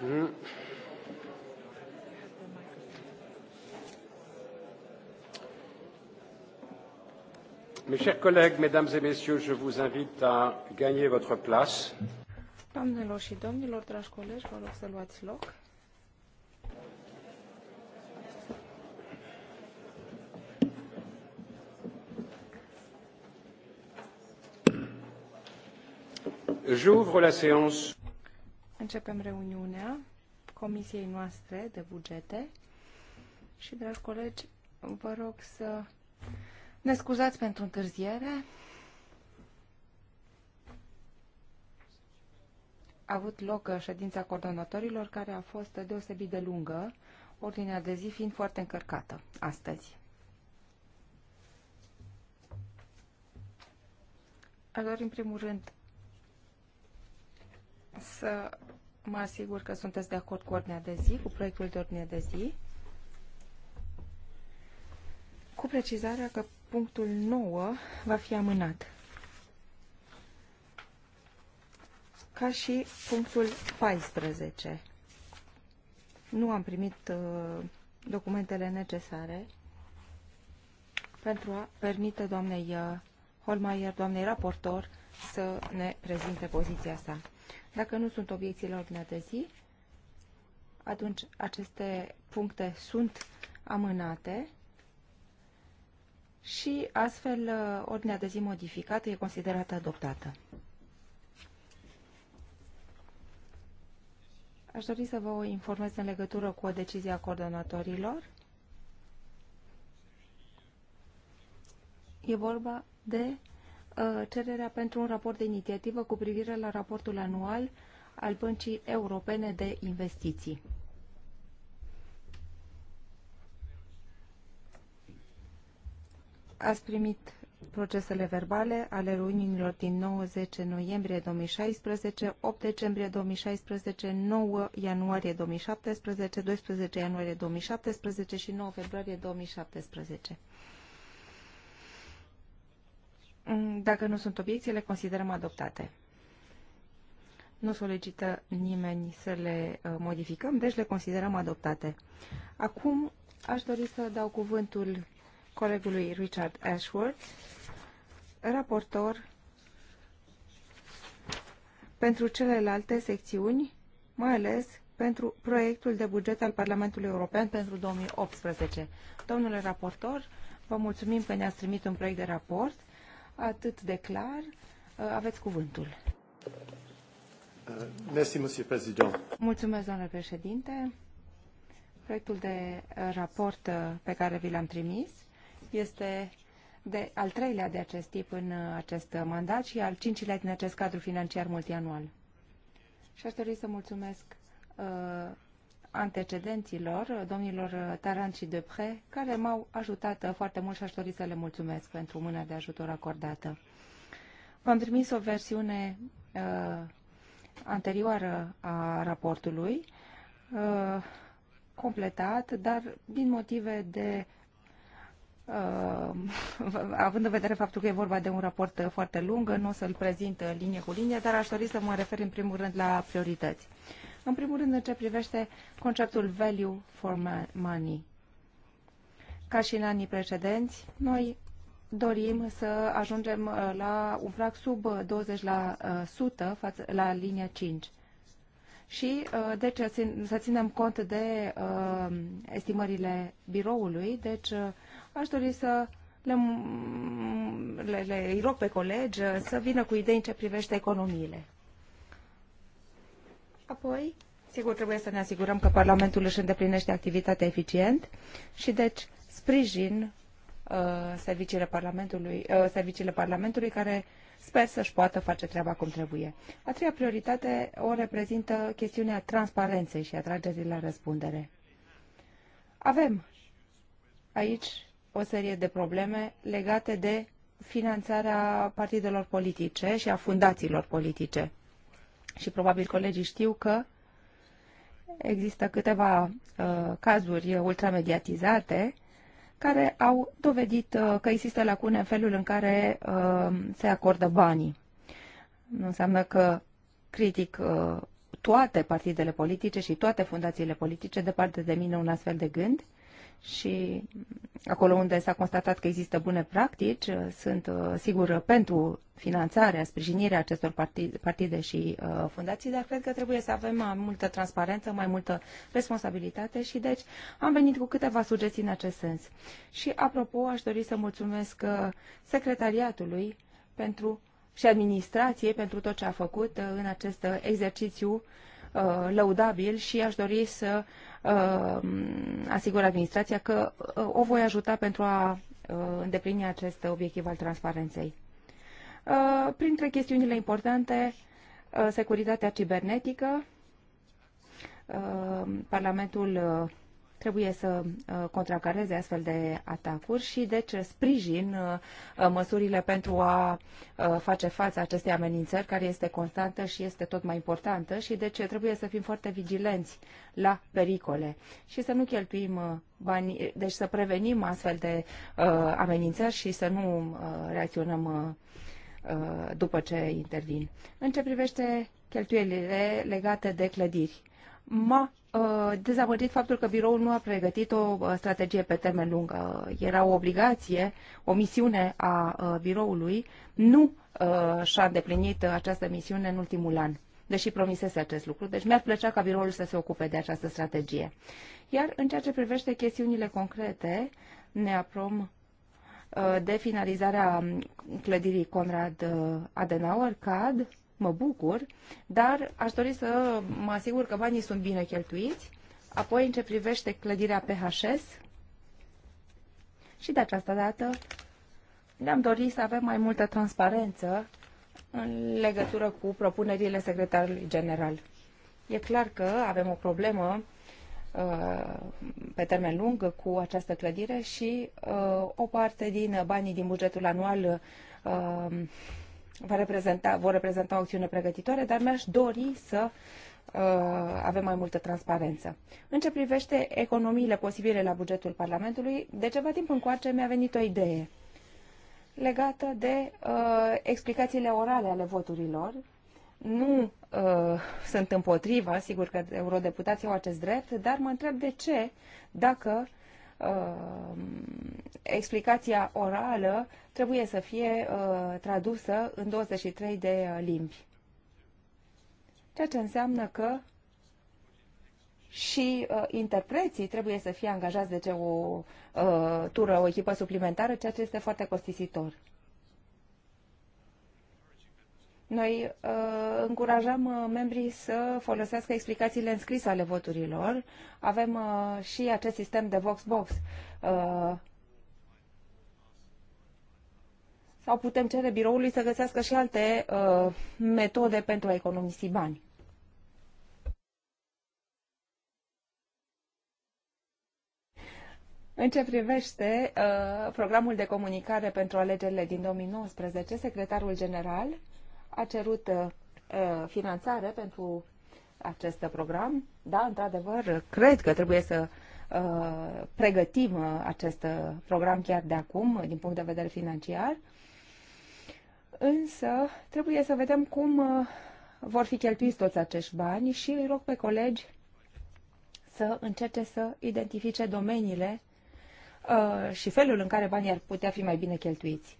Hmm. Mes chers collègues, mesdames et messieurs, je vous invite à gagner votre place. Doamnelor și domnilor, dragi colegi, vă rog să luați loc. J'ouvre la séance. Începem reuniunea Comisiei noastre de bugete și, dragi colegi, vă rog să ne scuzați pentru întârziere. A avut loc ședința coordonatorilor care a fost deosebit de lungă, ordinea de zi fiind foarte încărcată astăzi. Aș dori în primul rând să mă asigur că sunteți de acord cu ordinea de zi, cu proiectul de ordine de zi, cu precizarea că punctul 9 va fi amânat. Ca și punctul 14. Nu am primit uh, documentele necesare pentru a permite doamnei uh, Holmeier, doamnei raportor, să ne prezinte poziția sa. Dacă nu sunt obiecții la ordinea de zi, atunci aceste puncte sunt amânate și astfel uh, ordinea de zi modificată e considerată adoptată. Aș dori să vă informez în legătură cu o decizie a coordonatorilor. E vorba de Uh, cererea pentru un raport de inițiativă cu privire la raportul anual al Băncii Europene de Investiții. Ați primit procesele verbale ale reuniunilor din 90 noiembrie 2016, 8 decembrie 2016, 9 ianuarie 2017, 12 ianuarie 2017 și 9 februarie 2017. Mm, dacă nu sunt obiecții, le considerăm adoptate. Nu solicită nimeni să le uh, modificăm, deci le considerăm adoptate. Acum aș dori să dau cuvântul colegului Richard Ashworth, raportor pentru celelalte secțiuni, mai ales pentru proiectul de buget al Parlamentului European pentru 2018. Domnule raportor, vă mulțumim că ne-ați trimis un proiect de raport atât de clar. Uh, aveți cuvântul. Uh, mulțumesc, doamnă președinte. Proiectul de raport uh, pe care vi l-am trimis este de al treilea de acest tip în acest mandat și al cincilea din acest cadru financiar multianual. Și aș dori să mulțumesc antecedenților, domnilor Taran și Depre, care m-au ajutat foarte mult și aș dori să le mulțumesc pentru mâna de ajutor acordată. V-am trimis o versiune uh, anterioară a raportului, uh, completat, dar din motive de Uh, având în vedere faptul că e vorba de un raport foarte lung, nu o să-l prezint linie cu linie, dar aș dori să mă refer în primul rând la priorități. Uh, în primul rând, în ce privește conceptul value for money. Ca și în anii precedenți, noi dorim să ajungem uh, la un prag sub 20% uh, uh, față, la linia 5 și deci să ținem cont de uh, estimările biroului. Deci aș dori să le, mm, le, le rog pe colegi să vină cu idei în ce privește economiile. Apoi, sigur, trebuie să ne asigurăm că Parlamentul își îndeplinește activitatea eficient și deci sprijin uh, serviciile, Parlamentului, uh, serviciile Parlamentului care sper să-și poată face treaba cum trebuie. A treia prioritate o reprezintă chestiunea transparenței și atragerii la răspundere. Avem aici o serie de probleme legate de finanțarea partidelor politice și a fundațiilor politice și probabil colegii știu că există câteva uh, cazuri ultramediatizate care au dovedit uh, că există lacune în felul în care uh, se acordă banii. Nu înseamnă că critic uh, toate partidele politice și toate fundațiile politice, departe de mine un astfel de gând, și acolo unde s-a constatat că există bune practici, uh, sunt uh, sigur pentru finanțarea, sprijinirea acestor partide, și uh, fundații, dar cred că trebuie să avem mai multă transparență, mai multă responsabilitate și deci am venit cu câteva sugestii în acest sens. Și apropo, aș dori să mulțumesc secretariatului pentru și administrației pentru tot ce a făcut în acest exercițiu lăudabil și aș dori să Uh, asigură administrația că uh, o voi ajuta pentru a uh, îndeplini acest obiectiv al transparenței. Printre chestiunile importante, securitatea cibernetică, Parlamentul trebuie să uh, contracareze astfel de atacuri și de deci, ce sprijin uh, măsurile pentru a uh, face față acestei amenințări care este constantă și este tot mai importantă și de deci, ce trebuie să fim foarte vigilenți la pericole și să nu cheltuim bani, deci să prevenim astfel de amenințări și să nu reacționăm după ce intervin. În ce privește cheltuielile legate de clădiri, m-a uh, dezamăgit faptul că biroul nu a pregătit o uh, strategie pe termen lung. Uh, era o obligație, o misiune a biroului, nu și-a îndeplinit această misiune în ultimul an, deși promisese acest lucru. Deci mi-ar plăcea ca biroul să se ocupe de această strategie. Iar în ceea ce privește chestiunile concrete, ne aprom de finalizarea um, clădirii Conrad Adenauer, CAD, mă bucur, dar aș dori să mă asigur că banii sunt bine cheltuiți. Apoi, în ce privește clădirea PHS, și de această dată ne-am dorit să avem mai multă transparență în legătură cu propunerile secretarului general. E clar că avem o problemă uh, pe termen lung cu această clădire și uh, o parte din banii din bugetul anual uh, va reprezenta, vor reprezenta o acțiune pregătitoare, dar mi-aș dori să uh, avem mai multă transparență. În ce privește economiile posibile la bugetul Parlamentului, de ceva timp încoace mi-a venit o idee legată de uh, explicațiile orale ale voturilor. Nu uh, sunt împotriva, sigur că eurodeputații au acest drept, dar mă întreb de ce, dacă uh, Um, explicația orală trebuie să fie uh, tradusă în 23 de uh, limbi. Ceea ce înseamnă că și uh, interpreții trebuie să fie angajați de deci, ce o uh, tură, o echipă suplimentară, ceea ce este foarte costisitor. Noi uh, încurajăm uh, membrii să folosească explicațiile înscrise ale voturilor. Avem uh, și acest sistem de Voxbox. Uh, sau putem cere biroului să găsească și alte uh, metode pentru a economisi bani. În ce privește uh, programul de comunicare pentru alegerile din 2019, secretarul general a cerut uh, finanțare pentru acest program. Da, într-adevăr, cred că trebuie să uh, pregătim uh, acest program chiar de acum, din punct de vedere financiar. Însă, trebuie să vedem cum vor fi cheltuiți toți acești bani și îi rog pe colegi să încerce să identifice domeniile și felul în care banii ar putea fi mai bine cheltuiți.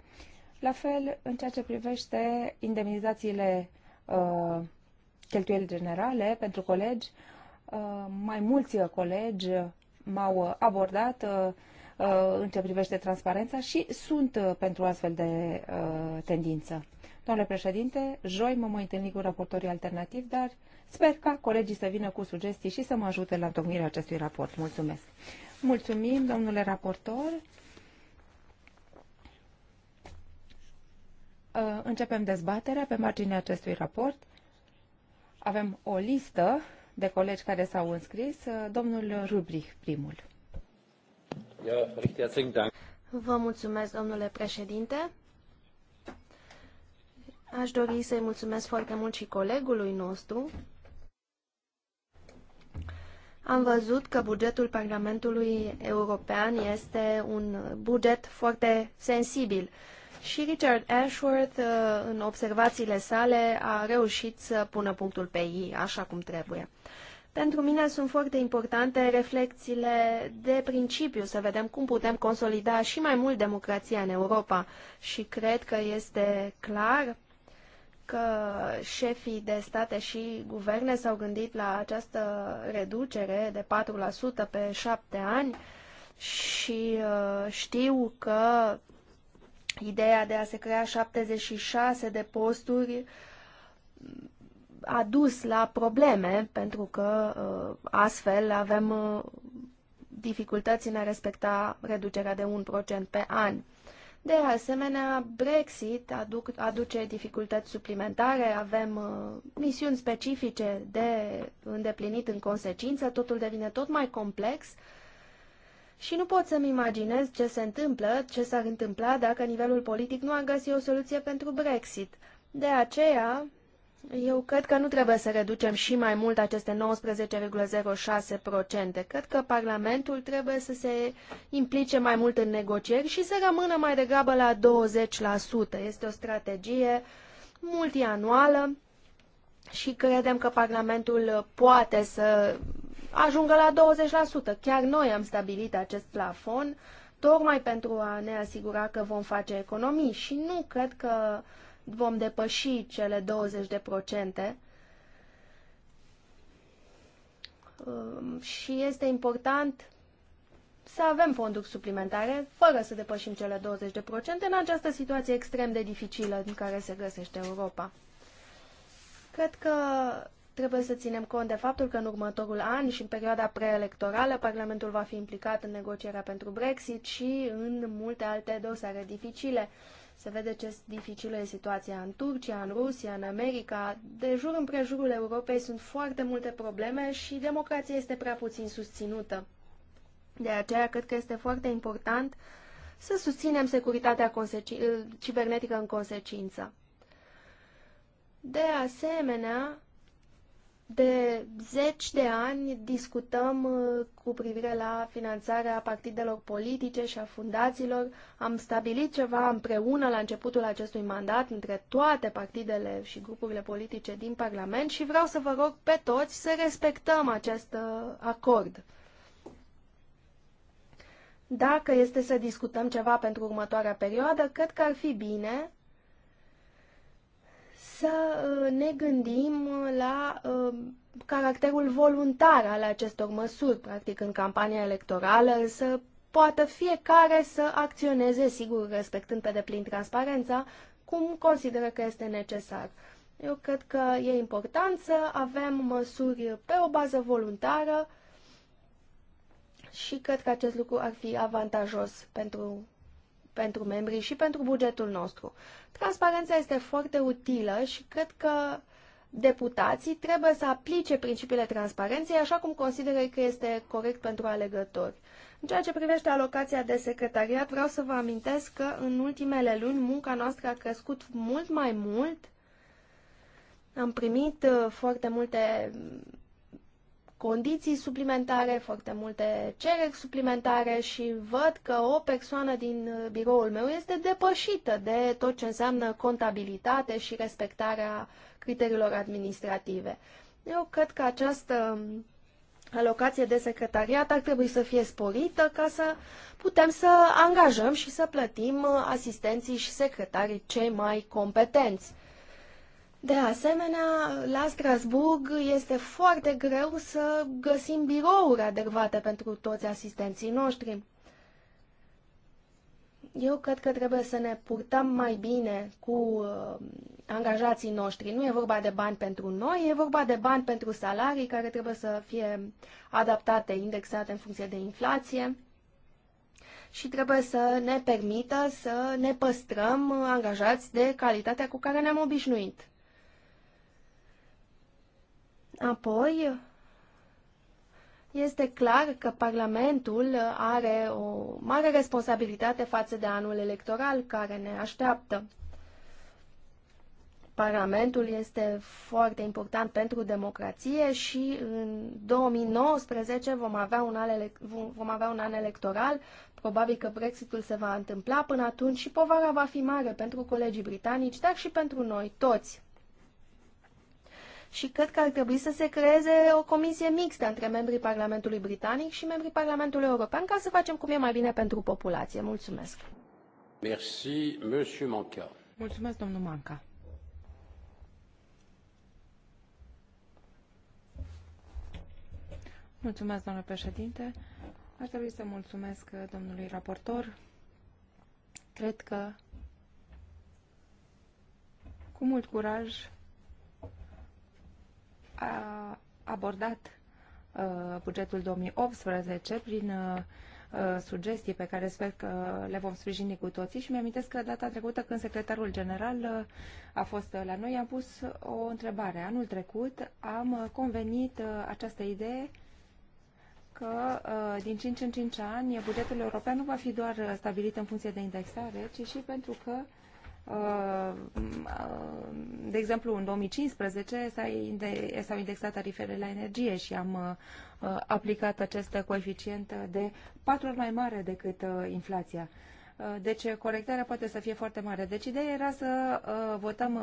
La fel, în ceea ce privește indemnizațiile uh, cheltuieli generale pentru colegi, uh, mai mulți colegi m-au abordat uh, uh în ce privește transparența și sunt uh, pentru astfel de uh, tendință. Domnule președinte, joi mă mă întâlni cu raportorii alternativi, dar sper ca colegii să vină cu sugestii și să mă ajute la întocmirea acestui raport. Mulțumesc! Mulțumim, domnule raportor! Uh, începem dezbaterea pe marginea acestui raport. Avem o listă de colegi care s-au înscris. Uh, domnul Rubrich, primul. Vă mulțumesc, domnule președinte. Aș dori să-i mulțumesc foarte mult și colegului nostru. Am văzut că bugetul Parlamentului European este un buget foarte sensibil și Richard Ashworth, uh, în observațiile sale, a reușit să pună punctul pe ei așa cum trebuie. Pentru mine sunt foarte importante reflexiile de principiu, să vedem cum putem consolida și mai mult democrația în Europa. Și cred că este clar că șefii de state și guverne s-au gândit la această reducere de 4% pe șapte ani și uh, știu că Ideea de a se crea 76 de posturi a dus la probleme, pentru că uh, astfel avem uh, dificultăți în a respecta reducerea de 1% pe an. De asemenea, Brexit aduc, aduce dificultăți suplimentare, avem uh, misiuni specifice de îndeplinit în consecință, totul devine tot mai complex și nu pot să-mi imaginez ce se întâmplă, ce s-ar întâmpla dacă nivelul politic nu ar găsi o soluție pentru Brexit. De aceea, eu cred că nu trebuie să reducem și mai mult aceste 19,06%. Cred că Parlamentul trebuie să se implice mai mult în negocieri și să rămână mai degrabă la 20%. Este o strategie multianuală și credem că Parlamentul poate să ajungă la 20%. Chiar noi am stabilit acest plafon tocmai pentru a ne asigura că vom face economii și nu cred că vom depăși cele 20%. Um, și este important să avem fonduri suplimentare fără să depășim cele 20% în această situație extrem de dificilă în care se găsește Europa. Cred că Trebuie să ținem cont de faptul că în următorul an și în perioada preelectorală Parlamentul va fi implicat în negocierea pentru Brexit și în multe alte dosare dificile. Se vede ce dificilă e situația în Turcia, în Rusia, în America. De jur împrejurul Europei sunt foarte multe probleme și democrația este prea puțin susținută. De aceea cred că este foarte important să susținem securitatea cibernetică în consecință. De asemenea, de zeci de ani discutăm uh, cu privire la finanțarea partidelor politice și a fundațiilor. Am stabilit ceva împreună la începutul acestui mandat între toate partidele și grupurile politice din Parlament și vreau să vă rog pe toți să respectăm acest uh, acord. Dacă este să discutăm ceva pentru următoarea perioadă, cred că ar fi bine să uh, ne gândim uh, la uh, caracterul voluntar al acestor măsuri, practic în campania electorală, să poată fiecare să acționeze, sigur, respectând pe deplin transparența, cum consideră că este necesar. Eu cred că e important să avem măsuri pe o bază voluntară și cred că acest lucru ar fi avantajos pentru pentru membrii și pentru bugetul nostru. Transparența este foarte utilă și cred că deputații trebuie să aplice principiile transparenței așa cum consideră că este corect pentru alegători. În ceea ce privește alocația de secretariat, vreau să vă amintesc că în ultimele luni munca noastră a crescut mult mai mult. Am primit uh, foarte multe condiții suplimentare, foarte multe cereri suplimentare și văd că o persoană din uh, biroul meu este depășită de tot ce înseamnă contabilitate și respectarea criteriilor administrative. Eu cred că această um, alocație de secretariat ar trebui să fie sporită ca să putem să angajăm și să plătim uh, asistenții și secretarii cei mai competenți de asemenea, la Strasburg este foarte greu să găsim birouri adecvate pentru toți asistenții noștri. Eu cred că trebuie să ne purtăm mai bine cu uh, angajații noștri. Nu e vorba de bani pentru noi, e vorba de bani pentru salarii care trebuie să fie adaptate, indexate în funcție de inflație și trebuie să ne permită să ne păstrăm angajați de calitatea cu care ne-am obișnuit. Apoi, este clar că Parlamentul are o mare responsabilitate față de anul electoral care ne așteaptă. Parlamentul este foarte important pentru democrație și în 2019 vom avea un an, vom avea un an electoral. Probabil că Brexitul se va întâmpla până atunci și povara va fi mare pentru colegii britanici, dar și pentru noi toți și cred că ar trebui să se creeze o comisie mixtă între membrii Parlamentului Britanic și membrii Parlamentului European ca să facem cum e mai bine pentru populație. Mulțumesc! Merci, Monsieur Manca. Mulțumesc, domnul Manca. Mulțumesc, domnule președinte. Aș trebui să mulțumesc uh, domnului raportor. Cred că cu mult curaj a abordat uh, bugetul 2018 prin uh, uh, sugestii pe care sper că le vom sprijini cu toții și mi-amintesc că data trecută când secretarul general a fost la noi, am pus o întrebare. Anul trecut am convenit această idee că din 5 în 5 ani bugetul european nu va fi doar stabilit în funcție de indexare, ci și pentru că Uh, de exemplu, în 2015 s-au indexat tarifele la energie și am uh, aplicat acest coeficient de patru ori mai mare decât uh, inflația. Deci corectarea poate să fie foarte mare. Deci ideea era să votăm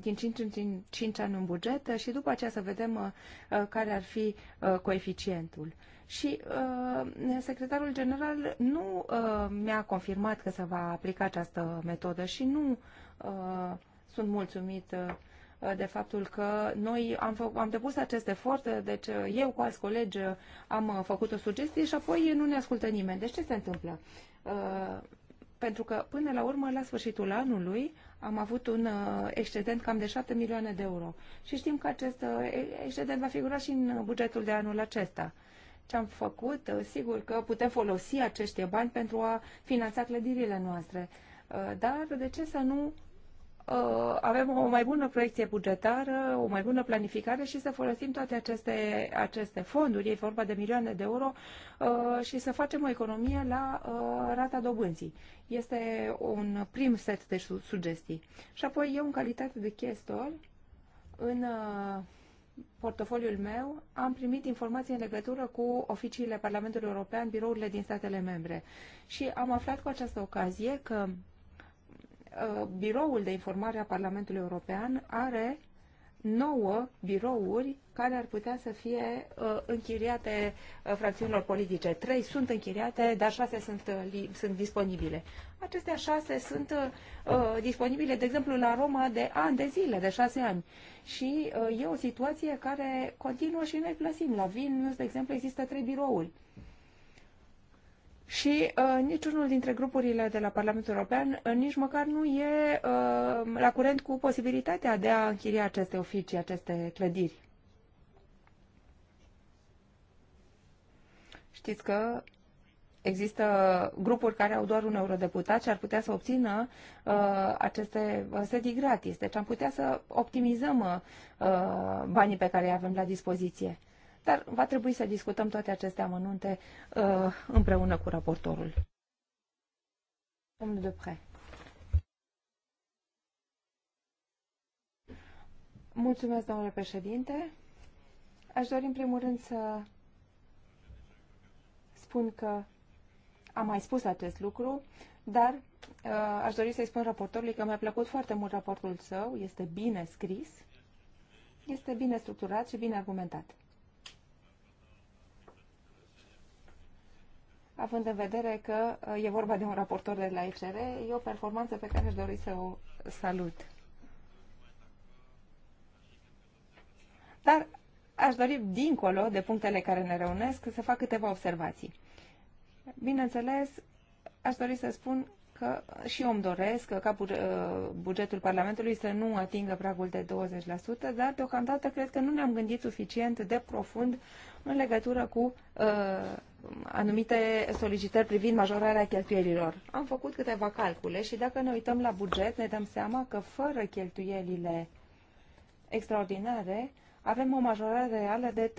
din 5 în 5 ani în buget și după aceea să vedem care ar fi coeficientul și uh, secretarul general nu uh, mi-a confirmat că se va aplica această metodă și nu uh, sunt mulțumit uh, de faptul că noi am, am depus acest efort, deci uh, eu cu alți colegi uh, am uh, făcut o sugestie și apoi nu ne ascultă nimeni. Deci ce se întâmplă? Uh, pentru că până la urmă, la sfârșitul anului, am avut un uh, excedent cam de 7 milioane de euro. Și știm că acest uh, excedent va figura și în bugetul de anul acesta. Uh, ce am făcut, uh, sigur că putem folosi acești bani pentru a finanța clădirile noastre. Uh, dar de ce să nu uh, avem o mai bună proiecție bugetară, o mai bună planificare și să folosim toate aceste, aceste fonduri, e vorba de milioane de euro, și să facem o economie la rata dobânzii. Este un prim set de sugestii. Și apoi eu, în calitate de chestor, în portofoliul meu, am primit informații în legătură cu oficiile Parlamentului European, birourile din statele membre. Și am aflat cu această ocazie că uh, Biroul de Informare a Parlamentului European are nouă birouri care ar putea să fie uh, închiriate uh, fracțiunilor politice. Trei sunt închiriate, dar șase sunt, uh, sunt disponibile. Acestea șase sunt disponibile, de exemplu, la Roma de ani de zile, de șase ani. Și e o situație care continuă și noi plăsim. La Vilnius, de exemplu, există trei birouri. Și uh, niciunul dintre grupurile de la Parlamentul European uh, nici măcar nu e uh, la curent cu posibilitatea de a închiria aceste oficii, aceste clădiri. Știți că există grupuri care au doar un eurodeputat și ar putea să obțină uh, aceste uh, sedii gratis. Deci am putea să optimizăm uh, banii pe care îi avem la dispoziție. Dar va trebui să discutăm toate aceste amănunte uh, împreună cu raportorul. Domnul Depre. Mulțumesc, domnule președinte. Aș dori în primul rând să spun că am mai spus acest lucru, dar uh, aș dori să-i spun raportorului că mi-a plăcut foarte mult raportul său, este bine scris, este bine structurat și bine argumentat. Având în vedere că uh, e vorba de un raportor de la ECR, e o performanță pe care aș dori să o salut. Dar Aș dori, dincolo de punctele care ne reunesc, să fac câteva observații. Bineînțeles, aș dori să spun că și eu îmi doresc ca bugetul Parlamentului să nu atingă pragul de 20%, dar deocamdată cred că nu ne-am gândit suficient de profund în legătură cu uh, anumite solicitări privind majorarea cheltuielilor. Am făcut câteva calcule și dacă ne uităm la buget, ne dăm seama că fără cheltuielile extraordinare, uh, avem o majorare reală de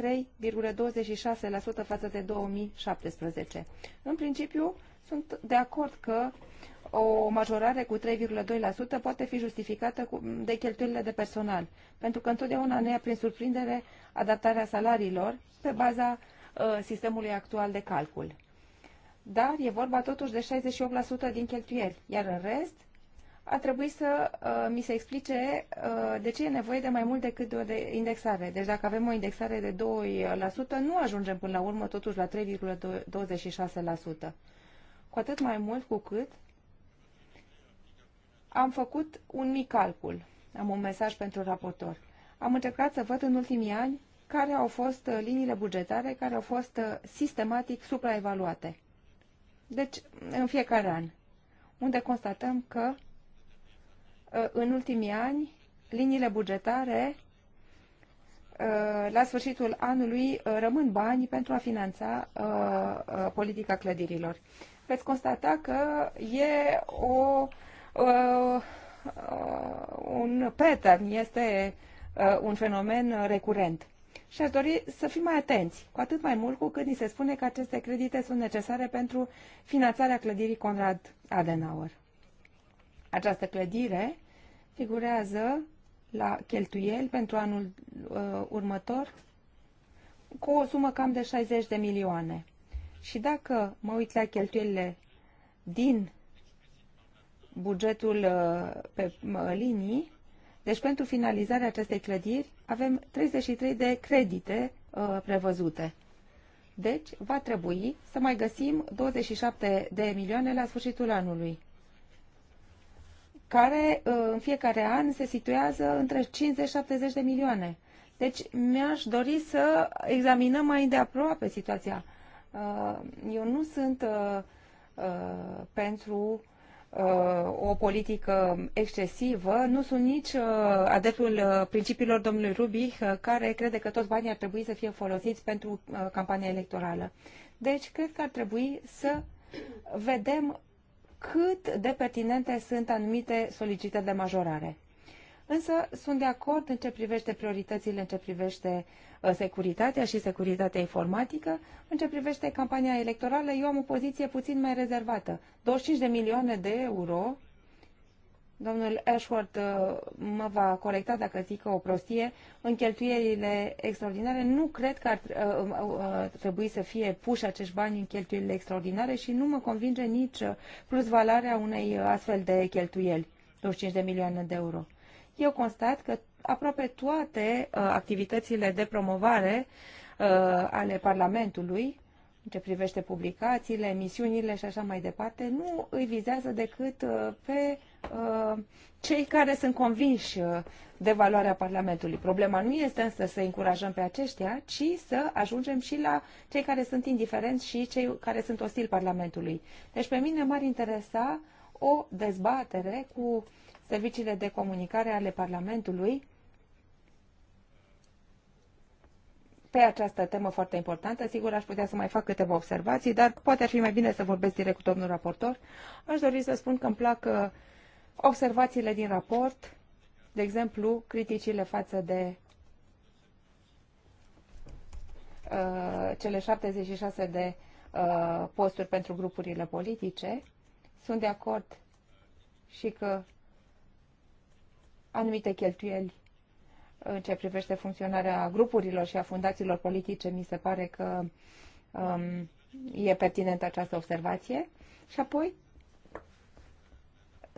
3,26% față de 2017. În principiu, sunt de acord că o majorare cu 3,2% poate fi justificată de cheltuielile de personal, pentru că întotdeauna ne ia prin surprindere adaptarea salariilor pe baza ă, sistemului actual de calcul. Dar e vorba totuși de 68% din cheltuieli, iar în rest a trebuit să uh, mi se explice uh, de ce e nevoie de mai mult decât de o indexare. Deci dacă avem o indexare de 2%, nu ajungem până la urmă totuși la 3,26%. Cu atât mai mult cu cât am făcut un mic calcul. Am un mesaj pentru raportor. Am încercat să văd în ultimii ani care au fost uh, liniile bugetare care au fost uh, sistematic supraevaluate. Deci, în fiecare an, unde constatăm că Uh, în ultimii ani, liniile bugetare uh, la sfârșitul anului uh, rămân bani pentru a finanța politica clădirilor. Veți constata că e o, un pattern, este un fenomen recurent. Și aș dori să fim mai atenți, cu atât mai mult cu cât ni se spune că aceste credite sunt necesare pentru finanțarea clădirii Conrad Adenauer. Această clădire figurează la cheltuieli pentru anul uh, următor cu o sumă cam de 60 de milioane. Și dacă mă uit la cheltuielile din bugetul uh, pe uh, linii, deci pentru finalizarea acestei clădiri avem 33 de credite uh, prevăzute. Deci va trebui să mai găsim 27 de milioane la sfârșitul anului care uh, în fiecare an se situează între 50-70 de milioane. Deci mi-aș dori să examinăm mai de aproape situația. Uh, eu nu sunt uh, pentru o politică excesivă. Nu sunt nici adeptul principiilor domnului Rubich, care crede că toți banii ar trebui să fie folosiți pentru campania electorală. Deci, cred că ar trebui să vedem cât de pertinente sunt anumite solicitări de majorare. Însă sunt de acord în ce privește prioritățile, în ce privește uh, securitatea și securitatea informatică, în ce privește campania electorală, eu am o poziție puțin mai rezervată. 25 de milioane de euro domnul Ashworth uh, mă va corecta dacă zic că o prostie, în cheltuielile extraordinare nu cred că ar uh, uh, trebui să fie puși acești bani în cheltuielile extraordinare și nu mă convinge nici plus valoarea unei astfel de cheltuieli, 25 de milioane de euro. Eu constat că aproape toate activitățile de promovare ale Parlamentului în ce privește publicațiile, emisiunile și așa mai departe, nu îi vizează decât pe Uh, cei care sunt convinși uh, de valoarea Parlamentului. Problema nu este însă să încurajăm pe aceștia, ci să ajungem și la cei care sunt indiferenți și cei care sunt ostili Parlamentului. Deci pe mine m-ar interesa o dezbatere cu serviciile de comunicare ale Parlamentului pe această temă foarte importantă. Sigur, aș putea să mai fac câteva observații, dar poate ar fi mai bine să vorbesc direct cu domnul raportor. Aș dori să spun că îmi plac uh, observațiile din raport, de exemplu, criticile față de uh, cele 76 de uh, posturi pentru grupurile politice. Sunt de acord și că anumite cheltuieli în ce privește funcționarea grupurilor și a fundațiilor politice, mi se pare că um, e pertinentă această observație. Și apoi,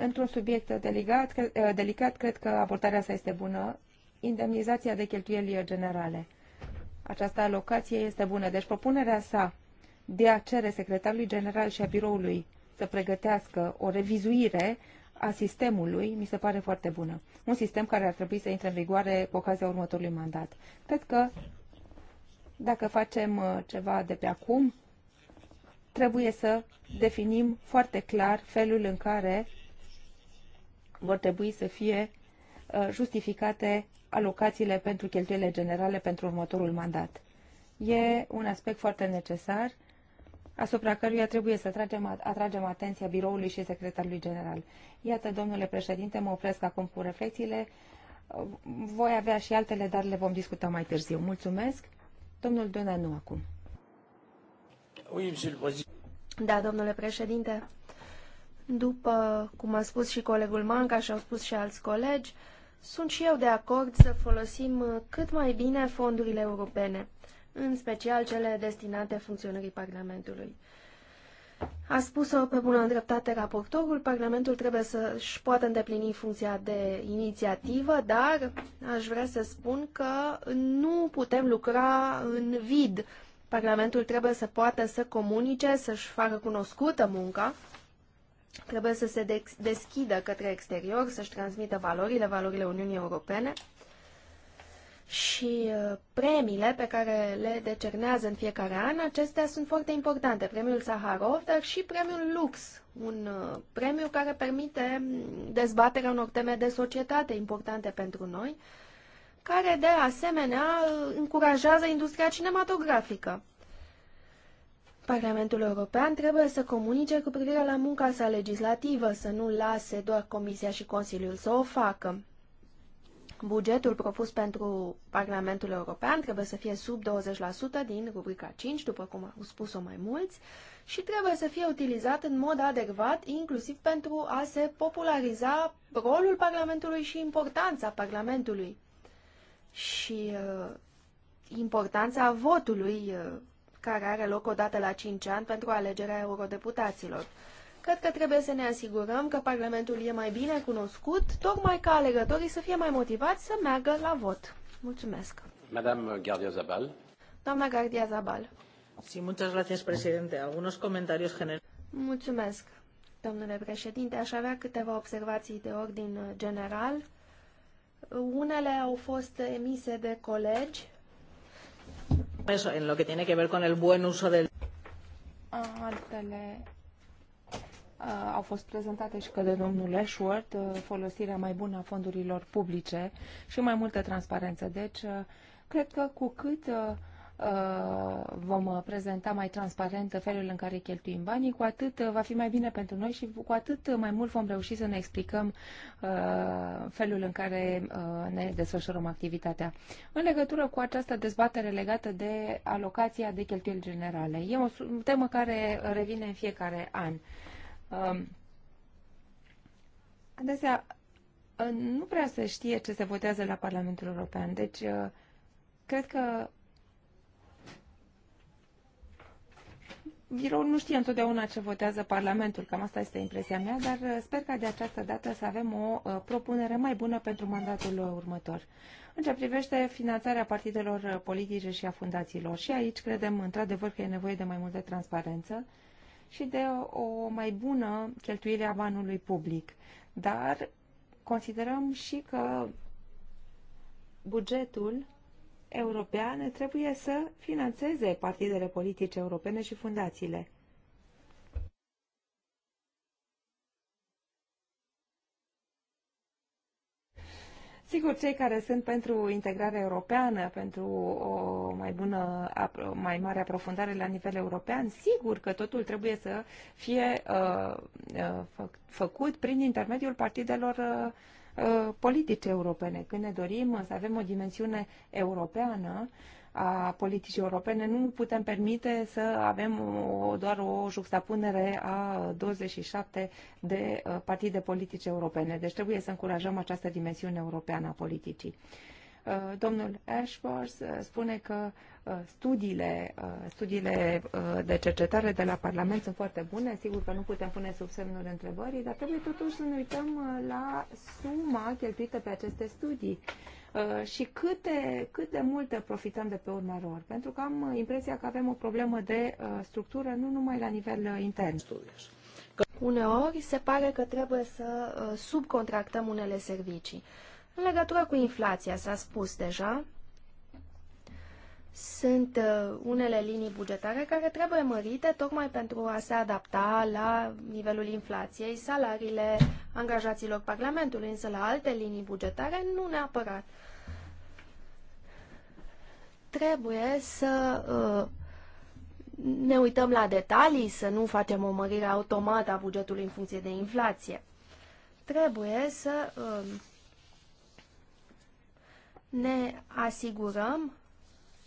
Într-un subiect delicat, eh, delicat, cred că abordarea sa este bună, indemnizația de cheltuieli generale. Această alocație este bună, deci propunerea sa de a cere secretarului general și a biroului să pregătească o revizuire a sistemului mi se pare foarte bună. Un sistem care ar trebui să intre în vigoare cu ocazia următorului mandat. Cred că dacă facem eh, ceva de pe acum, trebuie să definim foarte clar felul în care vor trebui să fie uh, justificate alocațiile pentru cheltuielile generale pentru următorul mandat. E un aspect foarte necesar asupra căruia trebuie să tragem, atragem atenția biroului și secretarului general. Iată, domnule președinte, mă opresc acum cu reflexiile. Voi avea și altele, dar le vom discuta mai târziu. Mulțumesc. Domnul Dona, nu acum. Da, domnule președinte. După cum a spus și colegul Manca și au spus și alți colegi, sunt și eu de acord să folosim cât mai bine fondurile europene, în special cele destinate funcționării Parlamentului. A spus-o pe bună dreptate raportorul, Parlamentul trebuie să-și poată îndeplini funcția de inițiativă, dar aș vrea să spun că nu putem lucra în vid. Parlamentul trebuie să poată să comunice, să-și facă cunoscută munca trebuie să se deschidă către exterior, să-și transmită valorile, valorile Uniunii Europene și uh, premiile pe care le decernează în fiecare an, acestea sunt foarte importante. Premiul Saharov, dar și premiul Lux, un uh, premiu care permite mm, dezbaterea unor teme de societate importante pentru noi, care de asemenea încurajează industria cinematografică. Parlamentul European trebuie să comunice cu privire la munca sa legislativă, să nu lase doar Comisia și Consiliul să o facă. Bugetul propus pentru Parlamentul European trebuie să fie sub 20% din rubrica 5, după cum au spus-o mai mulți, și trebuie să fie utilizat în mod adecvat, inclusiv pentru a se populariza rolul Parlamentului și importanța Parlamentului și uh, importanța votului uh, care are loc odată la 5 ani pentru alegerea eurodeputaților. Cred că trebuie să ne asigurăm că Parlamentul e mai bine cunoscut, tocmai ca alegătorii să fie mai motivați să meargă la vot. Mulțumesc. Madame Gardia Zabal. Doamna Gardia Zabal. Sí, muchas gracias, presidente. Algunos comentarios generales. Mulțumesc, domnule președinte. Aș avea câteva observații de ordin general. Unele au fost emise de colegi Eso, en lo que tiene que ver con el buen uso del... Altele uh, au fost prezentate și că de domnul Ashworth, uh, folosirea mai bună a fondurilor publice și mai multă transparență. Deci, uh, cred că cu cât uh, Uh, vom prezenta mai transparent felul în care cheltuim banii, cu atât uh, va fi mai bine pentru noi și cu atât mai mult vom reuși să ne explicăm uh, felul în care ne desfășurăm activitatea. În legătură cu această dezbatere legată de alocația de cheltuieli generale, e o temă care revine în fiecare an. Um, adesea nu prea se știe ce se votează la Parlamentul European, deci cred că Biroul nu știe întotdeauna ce votează Parlamentul, cam asta este impresia mea, dar uh, sper ca de această dată să avem o uh, propunere mai bună pentru mandatul următor. În ce privește finanțarea partidelor uh, politice și a fundațiilor, și aici credem într-adevăr că e nevoie de mai multă transparență și de o mai bună cheltuire a banului public. Dar considerăm și că bugetul europeane trebuie să finanțeze partidele politice europene și fundațiile. Sigur, cei care sunt pentru integrarea europeană, pentru o mai bună, mai mare aprofundare la nivel european, sigur că totul trebuie să fie uh, uh făcut prin intermediul partidelor uh, Uh, politici europene. Când ne dorim să avem o dimensiune europeană a politicii europene, nu putem permite să avem o, doar o juxtapunere a 27 de uh, partide politice europene. Deci trebuie să încurajăm această dimensiune europeană a politicii. Uh, domnul Ashworth uh, spune că uh, studiile, studiile de cercetare de la Parlament sunt foarte bune, sigur că nu putem pune sub semnul întrebării, dar trebuie totuși să ne uităm la suma cheltuită pe aceste studii și câte, cât de multe profităm de pe urma lor, pentru că am impresia că avem o problemă de structură nu numai la nivel intern. Uneori se pare că trebuie să subcontractăm unele servicii. În legătură cu inflația, s-a spus deja, sunt uh, unele linii bugetare care trebuie mărite tocmai pentru a se adapta la nivelul inflației, salariile angajaților Parlamentului, însă la alte linii bugetare nu neapărat. Trebuie să uh, ne uităm la detalii, să nu facem o mărire automată a bugetului în funcție de inflație. Trebuie să uh, ne asigurăm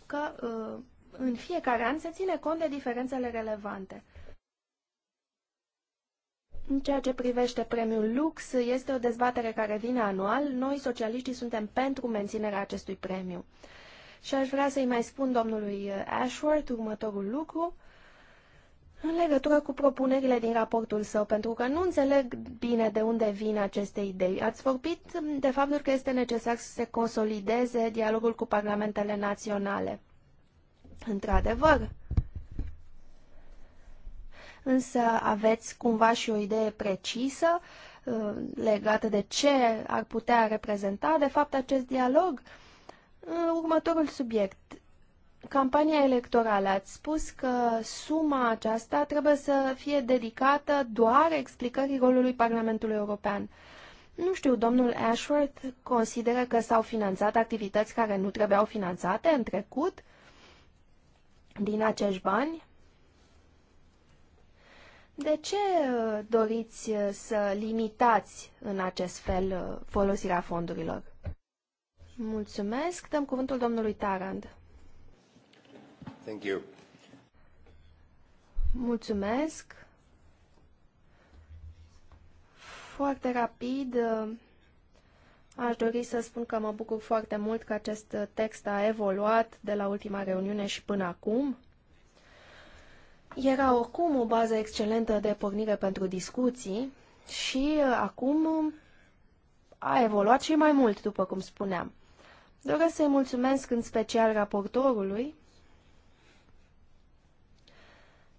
că uh, în fiecare an se ține cont de diferențele relevante. În ceea ce privește premiul Lux, este o dezbatere care vine anual. Noi, socialiștii, suntem pentru menținerea acestui premiu. Și aș vrea să-i mai spun domnului Ashworth următorul lucru în legătură cu propunerile din raportul său, pentru că nu înțeleg bine de unde vin aceste idei. Ați vorbit de faptul că este necesar să se consolideze dialogul cu parlamentele naționale. Într-adevăr. Însă aveți cumva și o idee precisă uh, legată de ce ar putea reprezenta, de fapt, acest dialog? Uh, următorul subiect campania electorală ați spus că suma aceasta trebuie să fie dedicată doar explicării rolului Parlamentului European. Nu știu, domnul Ashworth consideră că s-au finanțat activități care nu trebuiau finanțate în trecut din acești bani? De ce doriți să limitați în acest fel folosirea fondurilor? Mulțumesc. Dăm cuvântul domnului Tarand. Thank you. Mulțumesc. Foarte rapid, aș dori să spun că mă bucur foarte mult că acest text a evoluat de la ultima reuniune și până acum. Era oricum o bază excelentă de pornire pentru discuții și acum a evoluat și mai mult, după cum spuneam. Doresc să-i mulțumesc în special raportorului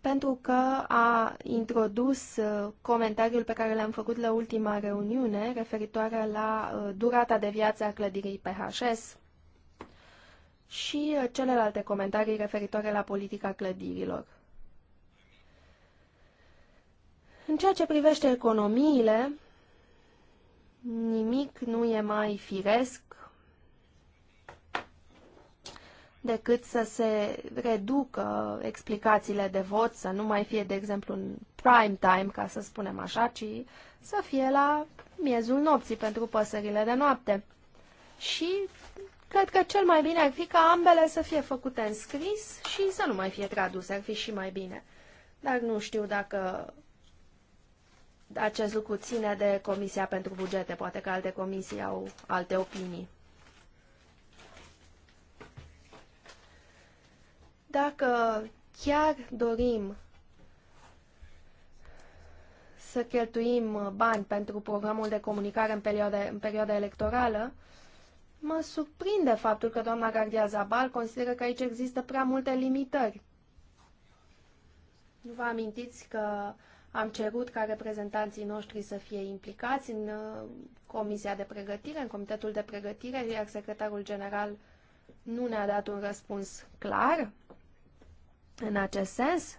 pentru că a introdus uh, comentariul pe care l-am făcut la ultima reuniune referitoare la uh, durata de viață a clădirii PHS și uh, celelalte comentarii referitoare la politica clădirilor. În ceea ce privește economiile, nimic nu e mai firesc decât să se reducă explicațiile de vot, să nu mai fie, de exemplu, în prime time, ca să spunem așa, ci să fie la miezul nopții pentru păsările de noapte. Și cred că cel mai bine ar fi ca ambele să fie făcute în scris și să nu mai fie traduse, ar fi și mai bine. Dar nu știu dacă acest lucru ține de Comisia pentru Bugete, poate că alte comisii au alte opinii. Dacă chiar dorim să cheltuim uh, bani pentru programul de comunicare în perioada, în perioada electorală, mă surprinde faptul că doamna Gardia Zabal consideră că aici există prea multe limitări. Vă amintiți că am cerut ca reprezentanții noștri să fie implicați în uh, comisia de pregătire, în comitetul de pregătire, iar secretarul general nu ne-a dat un răspuns clar în acest sens?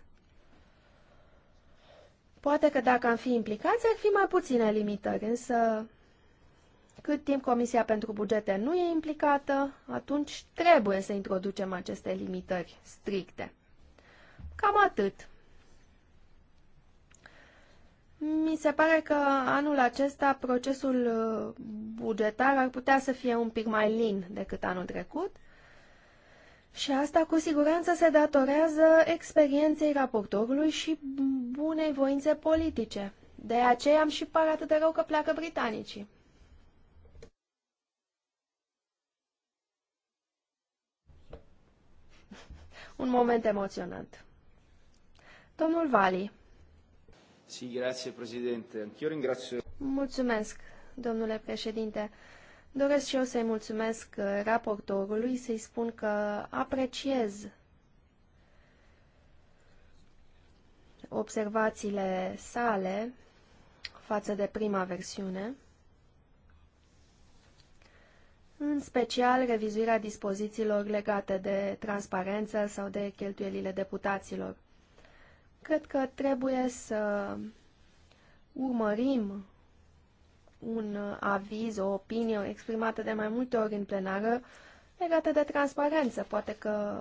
Poate că dacă am fi implicați, ar fi mai puține limitări, însă cât timp Comisia pentru Bugete nu e implicată, atunci trebuie să introducem aceste limitări stricte. Cam atât. Mi se pare că anul acesta procesul uh, bugetar ar putea să fie un pic mai lin decât anul trecut și asta cu siguranță se datorează experienței raportorului și bunei voințe politice. De aceea am și par atât de rău că pleacă britanicii. Un moment emoționant. Domnul Vali. Si, grazie, președinte. Mulțumesc, domnule președinte. Doresc și eu să-i mulțumesc uh, raportorului, să-i spun că apreciez observațiile sale față de prima versiune, în special revizuirea dispozițiilor legate de transparență sau de cheltuielile deputaților. Cred că trebuie să urmărim un uh, aviz, o opinie exprimată de mai multe ori în plenară legată de transparență. Poate că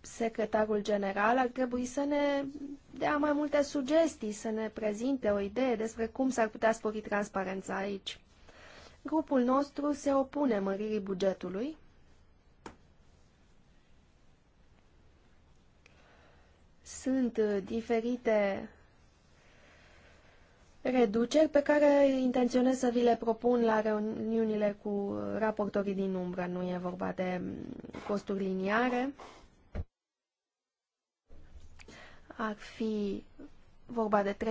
secretarul general ar trebui să ne dea mai multe sugestii, să ne prezinte o idee despre cum s-ar putea spori transparența aici. Grupul nostru se opune măririi bugetului. Sunt uh, diferite reduceri pe care intenționez să vi le propun la reuniunile cu raportorii din umbră. Nu e vorba de mm, costuri liniare. Ar fi vorba de 3,26%.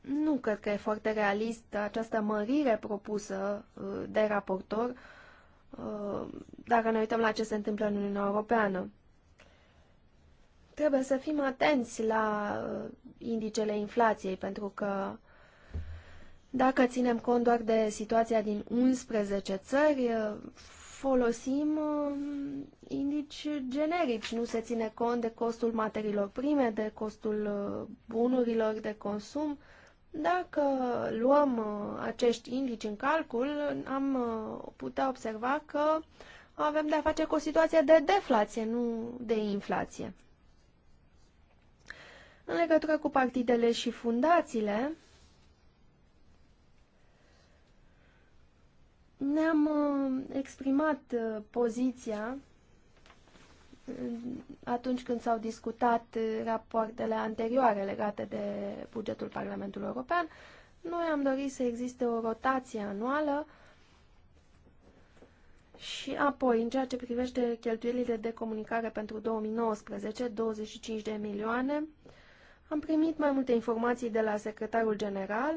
Nu cred că e foarte realistă această mărire propusă uh, de raportor uh, dacă ne uităm la ce se întâmplă în Uniunea Europeană. Trebuie să fim atenți la uh, indicele inflației, pentru că dacă ținem cont doar de situația din 11 țări, uh, folosim uh, indici generici. Nu se ține cont de costul materiilor prime, de costul bunurilor de consum. Dacă luăm acești indici în calcul, am putea observa că avem de-a face cu o situație de deflație, nu de inflație. În legătură cu partidele și fundațiile, ne-am uh, exprimat uh, poziția uh, atunci când s-au discutat rapoartele anterioare legate de bugetul Parlamentului European. Noi am dorit să existe o rotație anuală și apoi, în ceea ce privește cheltuielile de comunicare pentru 2019, 25 de milioane, am primit mai multe informații de la secretarul general,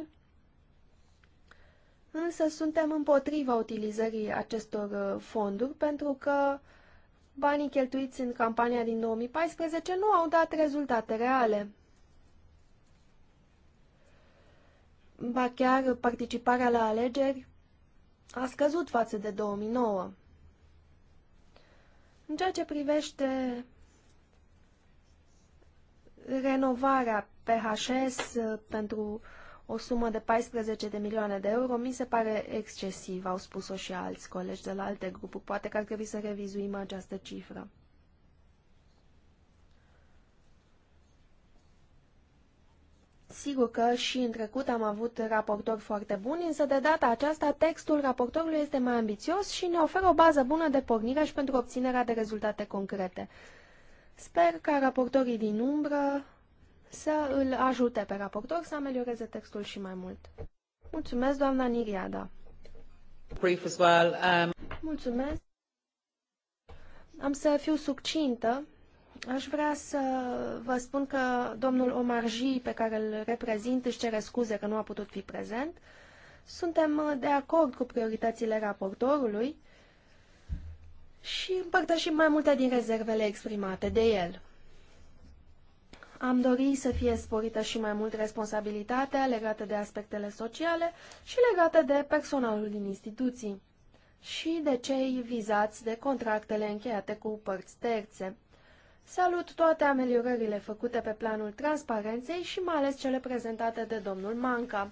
însă suntem împotriva utilizării acestor uh, fonduri pentru că banii cheltuiți în campania din 2014 nu au dat rezultate reale. Ba chiar participarea la alegeri a scăzut față de 2009. În ceea ce privește renovarea PHS uh, pentru o sumă de 14 de milioane de euro mi se pare excesiv, au spus-o și alți colegi de la alte grupuri. Poate că ar trebui să revizuim această cifră. Sigur că și în trecut am avut raportori foarte buni, însă de data aceasta textul raportorului este mai ambițios și ne oferă o bază bună de pornire și pentru obținerea de rezultate concrete. Sper ca raportorii din umbră să îl ajute pe raportor să amelioreze textul și mai mult. Mulțumesc, doamna Niriada. Brief as well. Um... Mulțumesc. Am să fiu succintă. Aș vrea să vă spun că domnul Omarji, pe care îl reprezint, își cere scuze că nu a putut fi prezent. Suntem de acord cu prioritățile raportorului și împărtășim mai multe din rezervele exprimate de el. Am dorit să fie sporită și mai mult responsabilitatea legată de aspectele sociale și legată de personalul din instituții și de cei vizați de contractele încheiate cu părți terțe. Salut toate ameliorările făcute pe planul transparenței și mai ales cele prezentate de domnul Manca.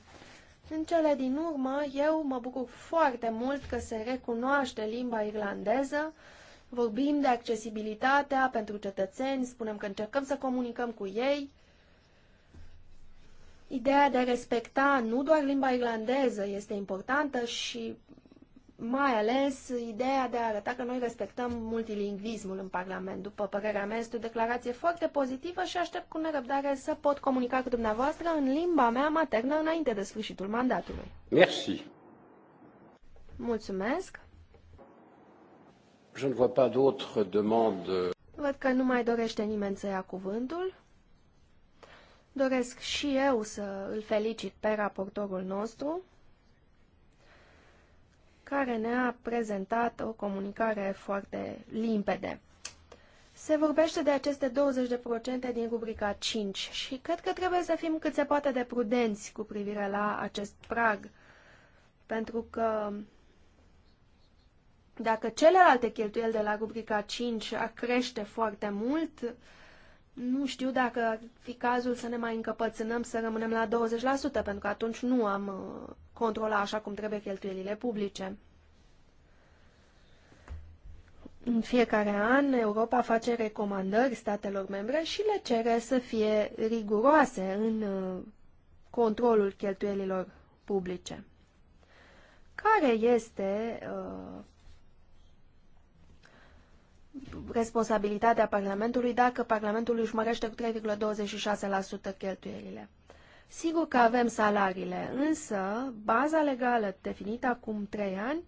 În cele din urmă, eu mă bucur foarte mult că se recunoaște limba irlandeză. Vorbim de accesibilitatea pentru cetățeni, spunem că încercăm să comunicăm cu ei. Ideea de a respecta nu doar limba irlandeză este importantă și mai ales ideea de a arăta că noi respectăm multilingvismul în Parlament. După părerea mea, este o declarație foarte pozitivă și aștept cu nerăbdare să pot comunica cu dumneavoastră în limba mea maternă înainte de sfârșitul mandatului. Merci. Mulțumesc. Je ne vois pas d'autres demandes. Văd că nu mai dorește nimeni să ia cuvântul. Doresc și eu să îl felicit pe raportorul nostru care ne-a prezentat o comunicare foarte limpede. Se vorbește de aceste 20% din rubrica 5 și cred că trebuie să fim cât se poate de prudenți cu privire la acest prag, pentru că dacă celelalte cheltuieli de la rubrica 5 ar crește foarte mult, nu știu dacă ar fi cazul să ne mai încăpățânăm să rămânem la 20%, pentru că atunci nu am uh, controla așa cum trebuie cheltuielile publice. În fiecare an, Europa face recomandări statelor membre și le cere să fie riguroase în uh, controlul cheltuielilor publice. Care este uh, responsabilitatea Parlamentului dacă Parlamentul își mărește cu 3,26% cheltuielile? Sigur că avem salariile, însă baza legală definită acum trei ani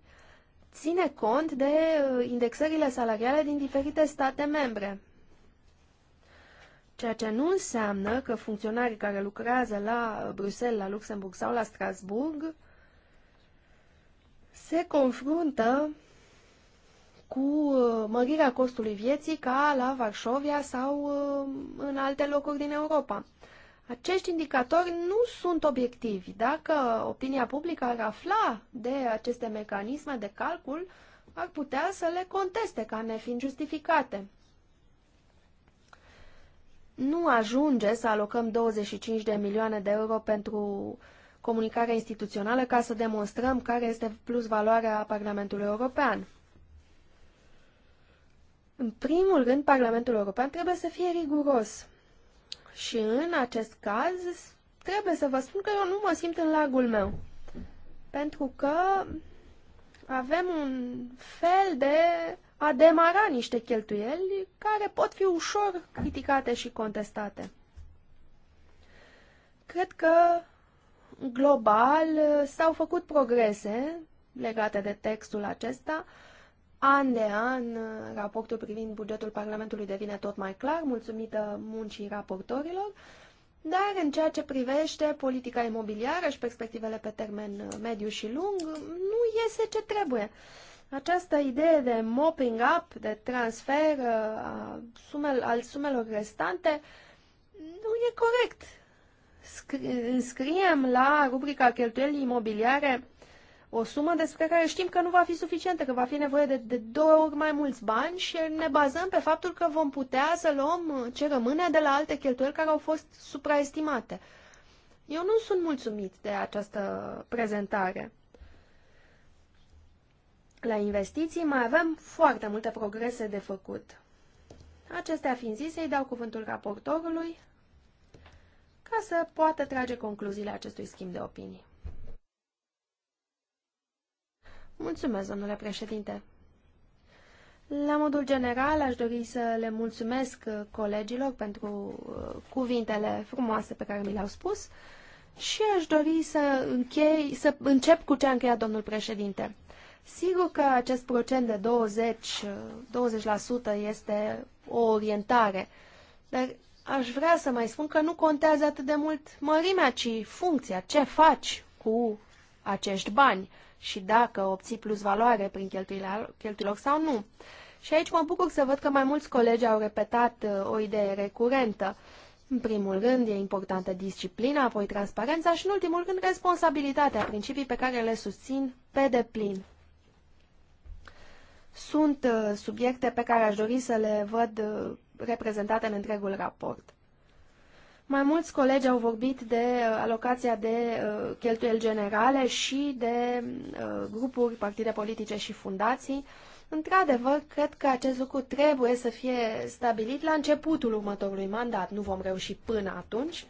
ține cont de uh, indexările salariale din diferite state membre. Ceea ce nu înseamnă că funcționarii care lucrează la uh, Bruxelles, la Luxemburg sau la Strasburg se confruntă cu uh, mărirea costului vieții ca la Varșovia sau în alte locuri din Europa. Acești indicatori nu sunt obiectivi. Dacă opinia publică ar afla de aceste mecanisme de calcul, ar putea să le conteste ca nefiind justificate. Nu ajunge să alocăm 25 de milioane de euro pentru comunicarea instituțională ca să demonstrăm care este plus valoarea Parlamentului European. În primul rând, Parlamentul European trebuie să fie riguros și în acest caz, trebuie să vă spun că eu nu mă simt în lagul meu. Pentru că avem un fel de a demara niște cheltuieli care pot fi ușor criticate și contestate. Cred că global s-au făcut progrese legate de textul acesta, An de an, raportul privind bugetul Parlamentului devine tot mai clar, mulțumită muncii raportorilor, dar în ceea ce privește politica imobiliară și perspectivele pe termen uh, mediu și lung, nu iese ce trebuie. Această idee de mopping up, de transfer uh, a sumel, al sumelor restante, nu e corect. înscriem la rubrica cheltuieli imobiliare o sumă despre care știm că nu va fi suficientă, că va fi nevoie de, de două ori mai mulți bani și ne bazăm pe faptul că vom putea să luăm uh, ce rămâne de la alte cheltuieli care au fost supraestimate. Eu nu sunt mulțumit de această prezentare. La investiții mai avem foarte multe progrese de făcut. Acestea fiind zise, îi dau cuvântul raportorului ca să poată trage concluziile acestui schimb de opinii. Mulțumesc, domnule președinte. La modul general, aș dori să le mulțumesc uh, colegilor pentru uh, cuvintele frumoase pe care mi le-au spus și aș dori să, închei, să încep cu ce a încheiat domnul președinte. Sigur că acest procent de 20, 20% uh, este o orientare, dar aș vrea să mai spun că nu contează atât de mult mărimea, ci funcția, ce faci cu acești bani și dacă obții plus valoare prin cheltuielor sau nu. Și aici mă bucur să văd că mai mulți colegi au repetat uh, o idee recurentă. În primul rând, e importantă disciplina, apoi transparența și, în ultimul rând, responsabilitatea, principii pe care le susțin pe deplin. Sunt uh, subiecte pe care aș dori să le văd uh, reprezentate în întregul raport. Mai mulți colegi au vorbit de uh, alocația de uh, cheltuieli generale și de uh, grupuri, partide politice și fundații. Într-adevăr, cred că acest lucru trebuie să fie stabilit la începutul următorului mandat. Nu vom reuși până atunci.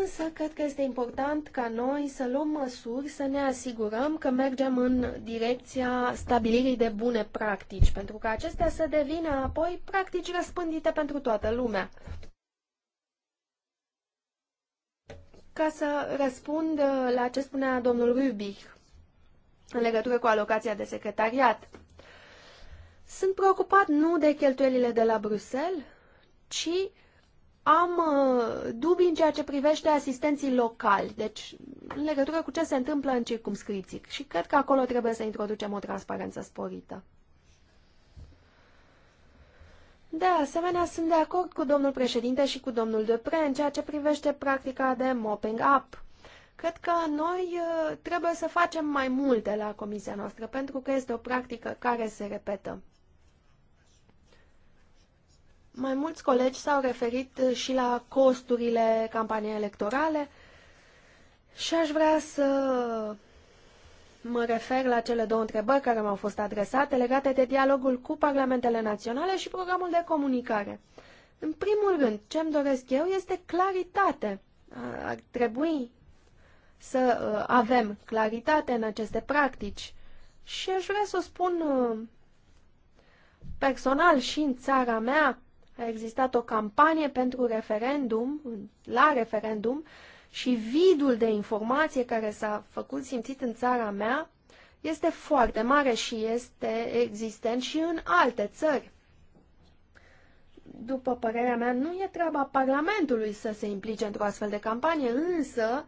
Însă, cred că este important ca noi să luăm măsuri, să ne asigurăm că mergem în direcția stabilirii de bune practici, pentru că acestea să devină apoi practici răspândite pentru toată lumea. Ca să răspund uh, la ce spunea domnul Rubic în legătură cu alocația de secretariat, sunt preocupat nu de cheltuielile de la Bruxelles, ci am uh, dubii în ceea ce privește asistenții locali, deci în legătură cu ce se întâmplă în circumscripții. Și cred că acolo trebuie să introducem o transparență sporită. De da, asemenea, sunt de acord cu domnul președinte și cu domnul Dupre în ceea ce privește practica de mopping up. Cred că noi uh, trebuie să facem mai multe la comisia noastră, pentru că este o practică care se repetă. Mai mulți colegi s-au referit uh, și la costurile campaniei electorale și aș vrea să Mă refer la cele două întrebări care mi-au fost adresate legate de dialogul cu parlamentele naționale și programul de comunicare. În primul rând, ce îmi doresc eu este claritate. Ar trebui să uh, avem claritate în aceste practici. Și aș vrea să o spun uh, personal și în țara mea a existat o campanie pentru referendum, la referendum, și vidul de informație care s-a făcut simțit în țara mea este foarte mare și este existent și în alte țări. După părerea mea, nu e treaba Parlamentului să se implice într-o astfel de campanie, însă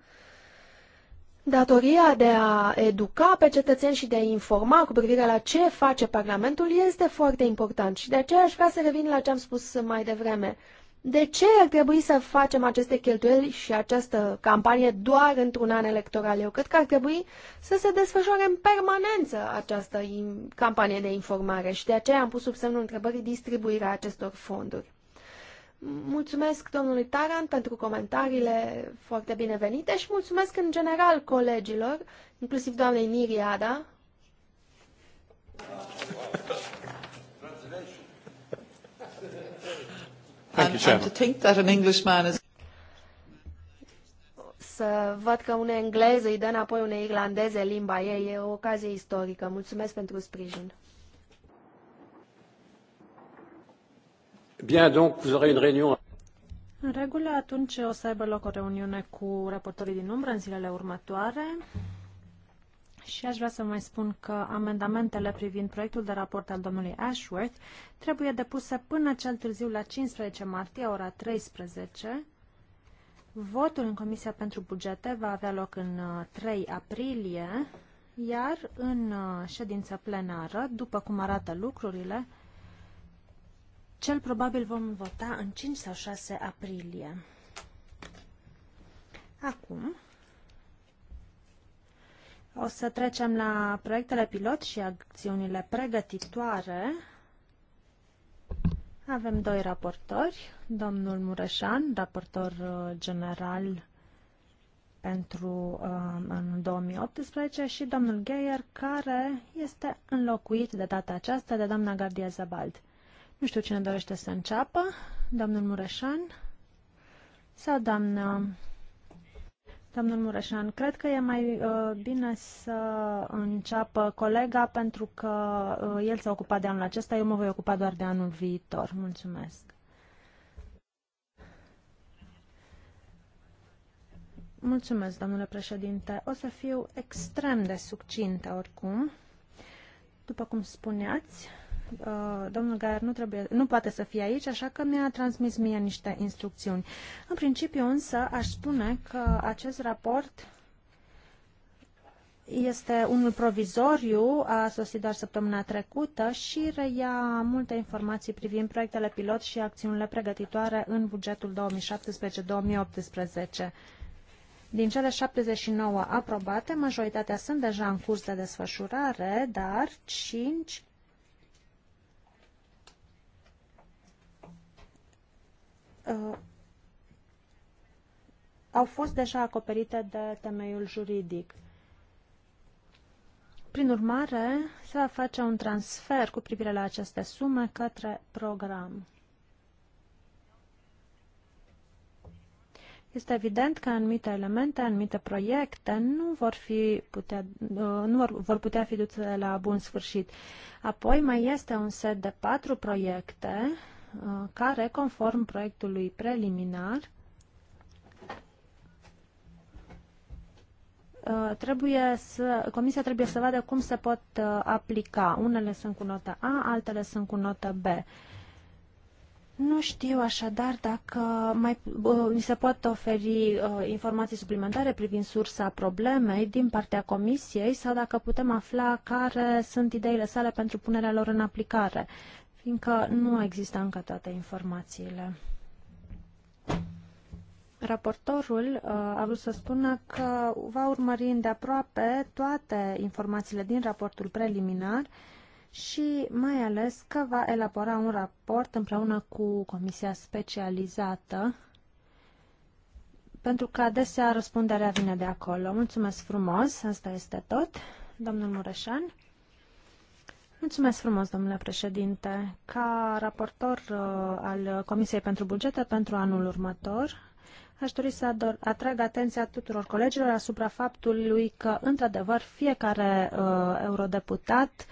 datoria de a educa pe cetățeni și de a informa cu privire la ce face Parlamentul este foarte important și de aceea aș vrea să revin la ce am spus mai devreme. Uh, de ce ar trebui să facem aceste cheltuieli și această campanie doar într-un an electoral? Eu cred că ar trebui să se desfășoare în permanență această campanie de informare și de aceea am pus sub semnul întrebării distribuirea acestor fonduri. Mulțumesc domnului Taran pentru comentariile foarte binevenite și mulțumesc în general colegilor, inclusiv doamnei Niriada. Thank you, And to think that an Englishman is să văd că un englez îi dă înapoi unei irlandeze limba ei. E o ocazie istorică. Mulțumesc pentru sprijin. Bien, donc, vous aurez une réunion. În regulă, atunci o să aibă loc o reuniune cu raportorii din umbră în zilele următoare. Și aș vrea să mai spun că amendamentele privind proiectul de raport al domnului Ashworth trebuie depuse până cel târziu la 15 martie, ora 13. Votul în Comisia pentru Bugete va avea loc în 3 uh, aprilie, iar în uh, ședință plenară, după cum arată lucrurile, cel probabil vom vota în 5 sau 6 aprilie. Acum, o să trecem la proiectele pilot și acțiunile pregătitoare. Avem doi raportori, domnul Mureșan, raportor uh, general pentru uh, anul 2018 și domnul Geier, care este înlocuit de data aceasta de doamna Gardia Zabald. Nu știu cine dorește să înceapă, domnul Mureșan sau doamna Domnul Mureșan, cred că e mai uh, bine să înceapă colega pentru că uh, el s-a ocupat de anul acesta, eu mă voi ocupa doar de anul viitor. Mulțumesc. Mulțumesc, domnule președinte. O să fiu extrem de succintă oricum. După cum spuneați, Uh, domnul Gaier nu, trebuie, nu poate să fie aici, așa că mi-a transmis mie niște instrucțiuni. În principiu însă aș spune că acest raport este unul provizoriu, a sosit doar săptămâna trecută și reia multe informații privind proiectele pilot și acțiunile pregătitoare în bugetul 2017-2018. Din cele 79 aprobate, majoritatea sunt deja în curs de desfășurare, dar 5 Uh, au fost deja acoperite de temeiul juridic. Prin urmare, se va face un transfer cu privire la aceste sume către program. Este evident că anumite elemente, anumite proiecte nu vor, fi putea, uh, nu vor, vor putea fi duse la bun sfârșit. Apoi mai este un set de patru proiecte Uh, care, conform proiectului preliminar, uh, trebuie să, comisia trebuie să vadă cum se pot uh, aplica. Unele sunt cu notă A, altele sunt cu notă B. Nu știu așadar dacă mai, mi se pot oferi informații suplimentare privind sursa problemei din partea comisiei sau dacă putem afla care sunt ideile sale pentru punerea lor în aplicare fiindcă nu există încă toate informațiile. Raportorul uh, a vrut să spună că va urmări îndeaproape toate informațiile din raportul preliminar și mai ales că va elabora un raport împreună cu comisia specializată, pentru că adesea răspunderea vine de acolo. Mulțumesc frumos, asta este tot, domnul Mureșan. Mulțumesc frumos, domnule președinte. Ca raportor uh, al Comisiei pentru Bugete pentru anul următor, aș dori să atrag atenția tuturor colegilor asupra faptului că, într-adevăr, fiecare uh, eurodeputat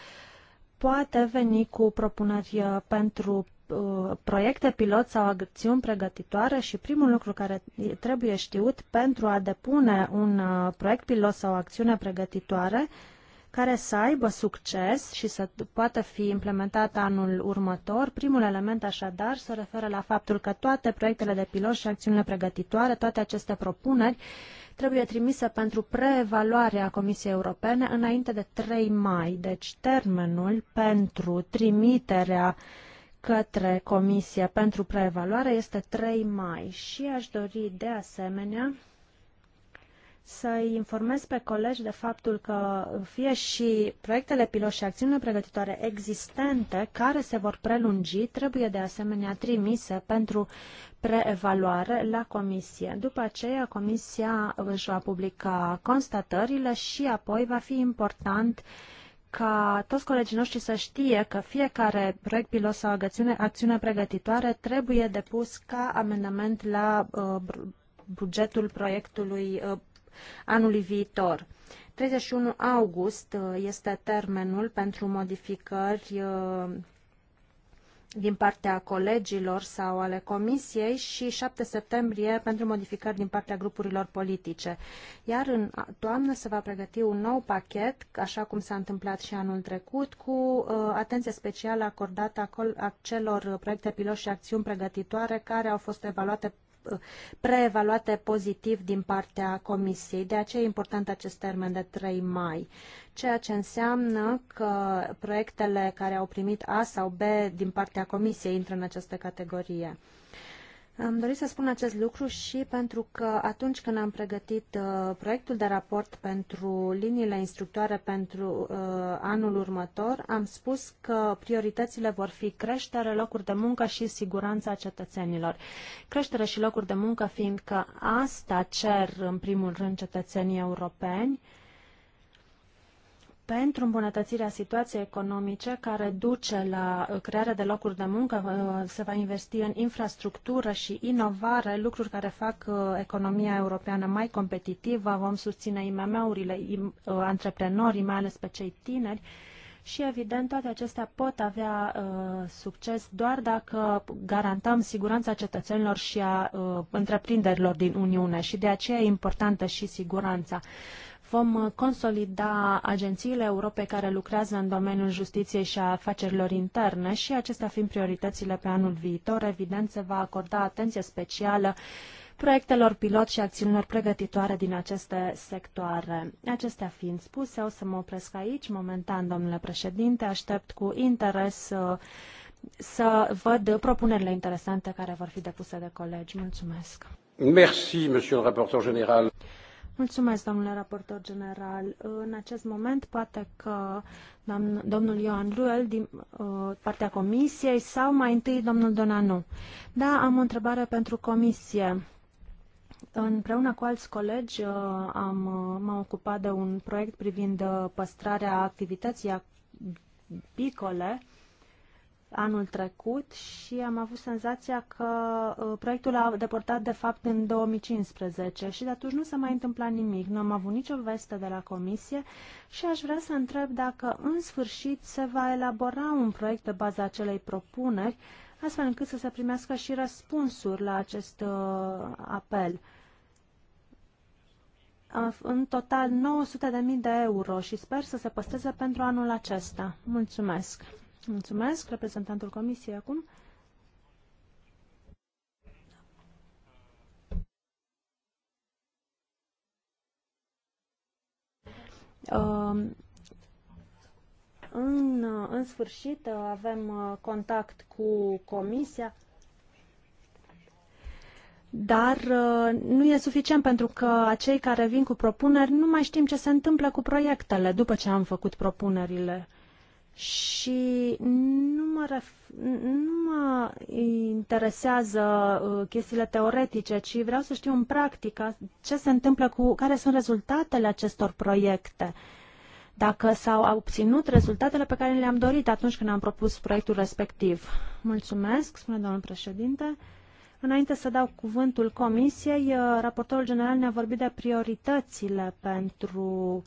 poate veni cu propuneri uh, pentru uh, proiecte pilot sau acțiuni pregătitoare și primul lucru care trebuie știut pentru a depune un uh, proiect pilot sau acțiune pregătitoare care să aibă succes și să poată fi implementat anul următor. Primul element așadar se referă la faptul că toate proiectele de pilot și acțiunile pregătitoare, toate aceste propuneri, trebuie trimise pentru preevaluarea Comisiei Europene înainte de 3 mai, deci termenul pentru trimiterea către Comisie pentru preevaluare este 3 mai și aș dori de asemenea să-i informez pe colegi de faptul că fie și proiectele pilot și acțiunile pregătitoare existente care se vor prelungi trebuie de asemenea trimise pentru preevaluare la comisie. După aceea, comisia își va publica constatările și apoi va fi important ca toți colegii noștri să știe că fiecare proiect pilot sau acțiune, acțiune pregătitoare trebuie depus ca amendament la uh, bugetul proiectului uh, anului viitor. 31 august uh, este termenul pentru modificări uh, din partea colegilor sau ale comisiei și 7 septembrie pentru modificări din partea grupurilor politice. Iar în toamnă se va pregăti un nou pachet, așa cum s-a întâmplat și anul trecut, cu uh, atenție specială acordată acelor uh, proiecte pilot și acțiuni pregătitoare care au fost evaluate preevaluate pozitiv din partea Comisiei. De aceea e important acest termen de 3 mai, ceea ce înseamnă că proiectele care au primit A sau B din partea Comisiei intră în această categorie. Am dorit să spun acest lucru și pentru că atunci când am pregătit uh, proiectul de raport pentru liniile instructoare pentru uh, anul următor, am spus că prioritățile vor fi creștere, locuri de muncă și siguranța cetățenilor. Creștere și locuri de muncă fiindcă asta cer în primul rând cetățenii europeni, uh, pentru îmbunătățirea situației economice care duce la uh, crearea de locuri de muncă, uh, se va investi în infrastructură și inovare, lucruri care fac uh, economia europeană mai competitivă, vom susține IMM-urile, antreprenorii, mai ales pe cei tineri, și, evident, toate acestea pot avea uh, succes doar dacă garantăm siguranța cetățenilor și a uh, întreprinderilor din Uniune și de aceea e importantă și siguranța. Vom consolida agențiile Europe care lucrează în domeniul justiției și a afacerilor interne și acestea fiind prioritățile pe anul viitor, evident se va acorda atenție specială proiectelor pilot și acțiunilor pregătitoare din aceste sectoare. Acestea fiind spuse, o să mă opresc aici momentan, domnule președinte. Aștept cu interes uh, să văd propunerile interesante care vor fi depuse de colegi. Mulțumesc! Merci, monsieur le rapporteur général. Mulțumesc, domnule raportor general. În acest moment, poate că domnul Ioan Ruel din uh, partea comisiei sau mai întâi domnul Donanu. Da, am o întrebare pentru comisie. Împreună cu alți colegi uh, am, uh, m-am ocupat de un proiect privind păstrarea activității apicole anul trecut și am avut senzația că uh, proiectul a deportat de fapt în 2015 și de atunci nu s-a mai întâmplat nimic. Nu am avut nicio veste de la comisie și aș vrea să întreb dacă în sfârșit se va elabora un proiect pe baza acelei propuneri astfel încât să se primească și răspunsuri la acest uh, apel în total 900.000 de euro și sper să se păstreze pentru anul acesta. Mulțumesc! Mulțumesc. Reprezentantul Comisiei acum. Uh, în, în sfârșit avem contact cu Comisia, dar uh, nu e suficient pentru că cei care vin cu propuneri nu mai știm ce se întâmplă cu proiectele după ce am făcut propunerile și nu mă, ref, nu mă interesează uh, chestiile teoretice, ci vreau să știu în practică ce se întâmplă cu, care sunt rezultatele acestor proiecte. Dacă s-au obținut rezultatele pe care le-am dorit atunci când am propus proiectul respectiv. Mulțumesc, spune domnul președinte. Înainte să dau cuvântul comisiei, uh, raportorul general ne-a vorbit de prioritățile pentru uh,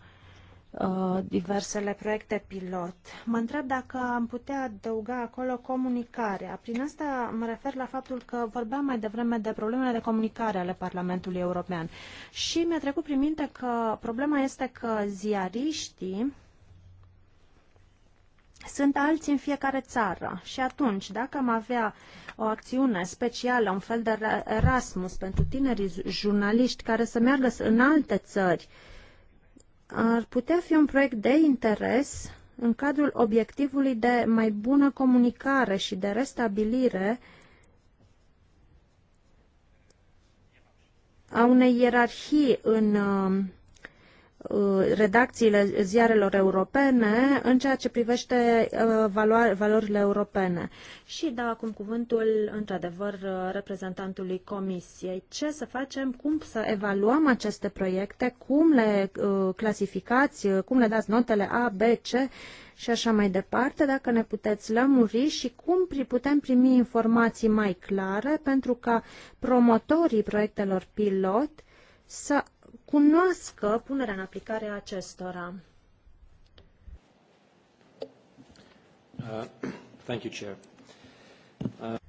Uh, diversele proiecte pilot. Mă întreb dacă am putea adăuga acolo comunicarea. Prin asta mă refer la faptul că vorbeam mai devreme de problemele de comunicare ale Parlamentului European. Și mi-a trecut prin minte că problema este că ziariștii sunt alții în fiecare țară și atunci, dacă am avea o acțiune specială, un fel de Erasmus pentru tinerii jurnaliști care să meargă în alte țări, uh, ar putea fi un proiect de interes în cadrul obiectivului de mai bună comunicare și de restabilire a unei ierarhii în uh, Uh, redacțiile ziarelor europene în ceea ce privește uh, valorile europene. Și dau acum cuvântul, într-adevăr, uh, reprezentantului Comisiei. Ce să facem? Cum să evaluăm aceste proiecte? Cum le clasificați? Cum le dați notele A, B, C? și așa mai departe, dacă ne puteți lămuri și cum putem primi informații mai clare pentru ca promotorii proiectelor pilot să cunoască punerea în aplicare a acestora. Uh, thank you, Chair. Uh...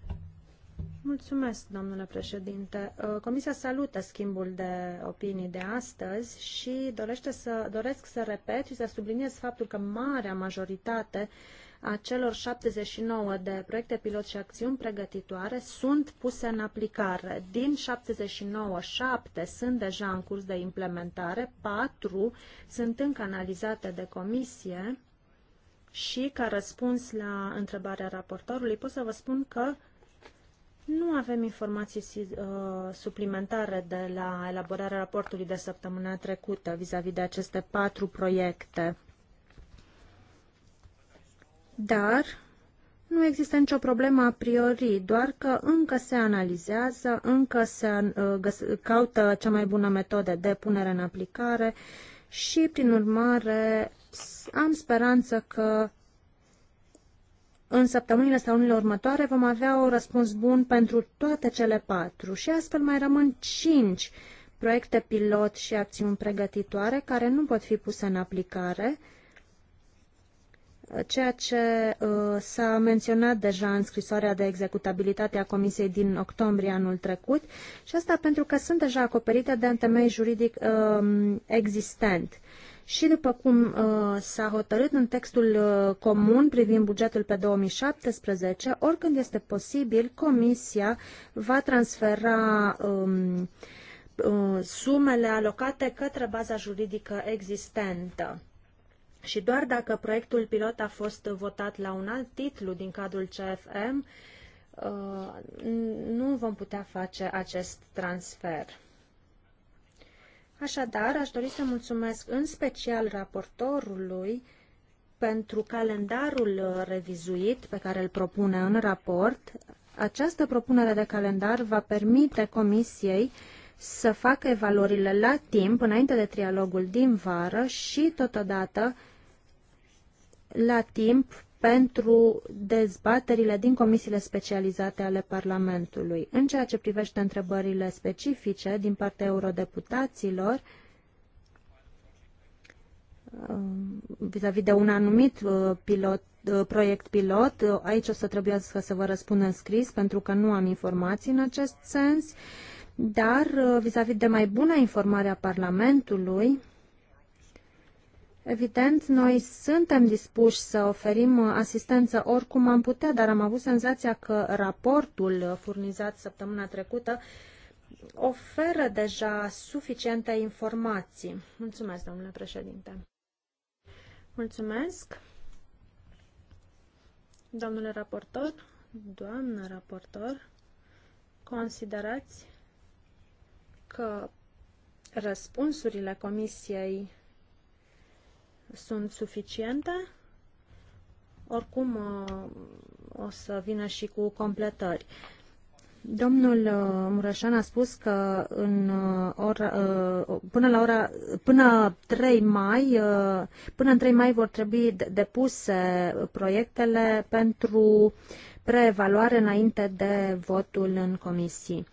Mulțumesc, domnule președinte. Uh, Comisia salută schimbul de opinii de astăzi și dorește să, doresc să repet și să subliniez faptul că marea majoritate uh, a celor 79 de proiecte pilot și acțiuni pregătitoare sunt puse în aplicare. Din 79, 7 sunt deja în curs de implementare, 4 sunt încă analizate de comisie și ca răspuns la întrebarea raportorului pot să vă spun că nu avem informații uh, suplimentare de la elaborarea raportului de săptămâna trecută vis-a-vis -vis de aceste patru proiecte dar nu există nicio problemă a priori, doar că încă se analizează, încă se uh, caută cea mai bună metodă de punere în aplicare și, prin urmare, am speranță că în săptămânile sau lunile următoare vom avea un răspuns bun pentru toate cele patru și astfel mai rămân cinci proiecte pilot și acțiuni pregătitoare care nu pot fi puse în aplicare, ceea ce uh, s-a menționat deja în scrisoarea de executabilitate a Comisiei din octombrie anul trecut și asta pentru că sunt deja acoperite de întemei juridic uh, existent. Și după cum uh, s-a hotărât în textul uh, comun privind bugetul pe 2017, oricând este posibil, Comisia va transfera um, uh, sumele alocate către baza juridică existentă. Și doar dacă proiectul pilot a fost votat la un alt titlu din cadrul CFM, uh, nu vom putea face acest transfer. Așadar, aș dori să mulțumesc în special raportorului pentru calendarul revizuit pe care îl propune în raport. Această propunere de calendar va permite Comisiei să facă evaluările la timp, înainte de trialogul din vară și, totodată, la timp pentru dezbaterile din comisiile specializate ale Parlamentului. În ceea ce privește întrebările specifice din partea eurodeputaților, um, vis-a-vis -vis de un anumit uh, pilot, uh, proiect pilot, uh, aici o să trebuiască să vă răspund în scris, pentru că nu am informații în acest sens, dar vis-a-vis -vis de mai bună informare a Parlamentului, Evident, noi suntem dispuși să oferim asistență oricum am putea, dar am avut senzația că raportul furnizat săptămâna trecută oferă deja suficiente informații. Mulțumesc, domnule președinte. Mulțumesc. Domnule raportor, doamnă raportor, considerați că răspunsurile Comisiei sunt suficiente. Oricum uh, o să vină și cu completări. Domnul uh, Mureșan a spus că în uh, ora, până, la ora, până, 3 mai, până în 3 mai vor trebui depuse proiectele pentru preevaluare înainte de votul în comisii.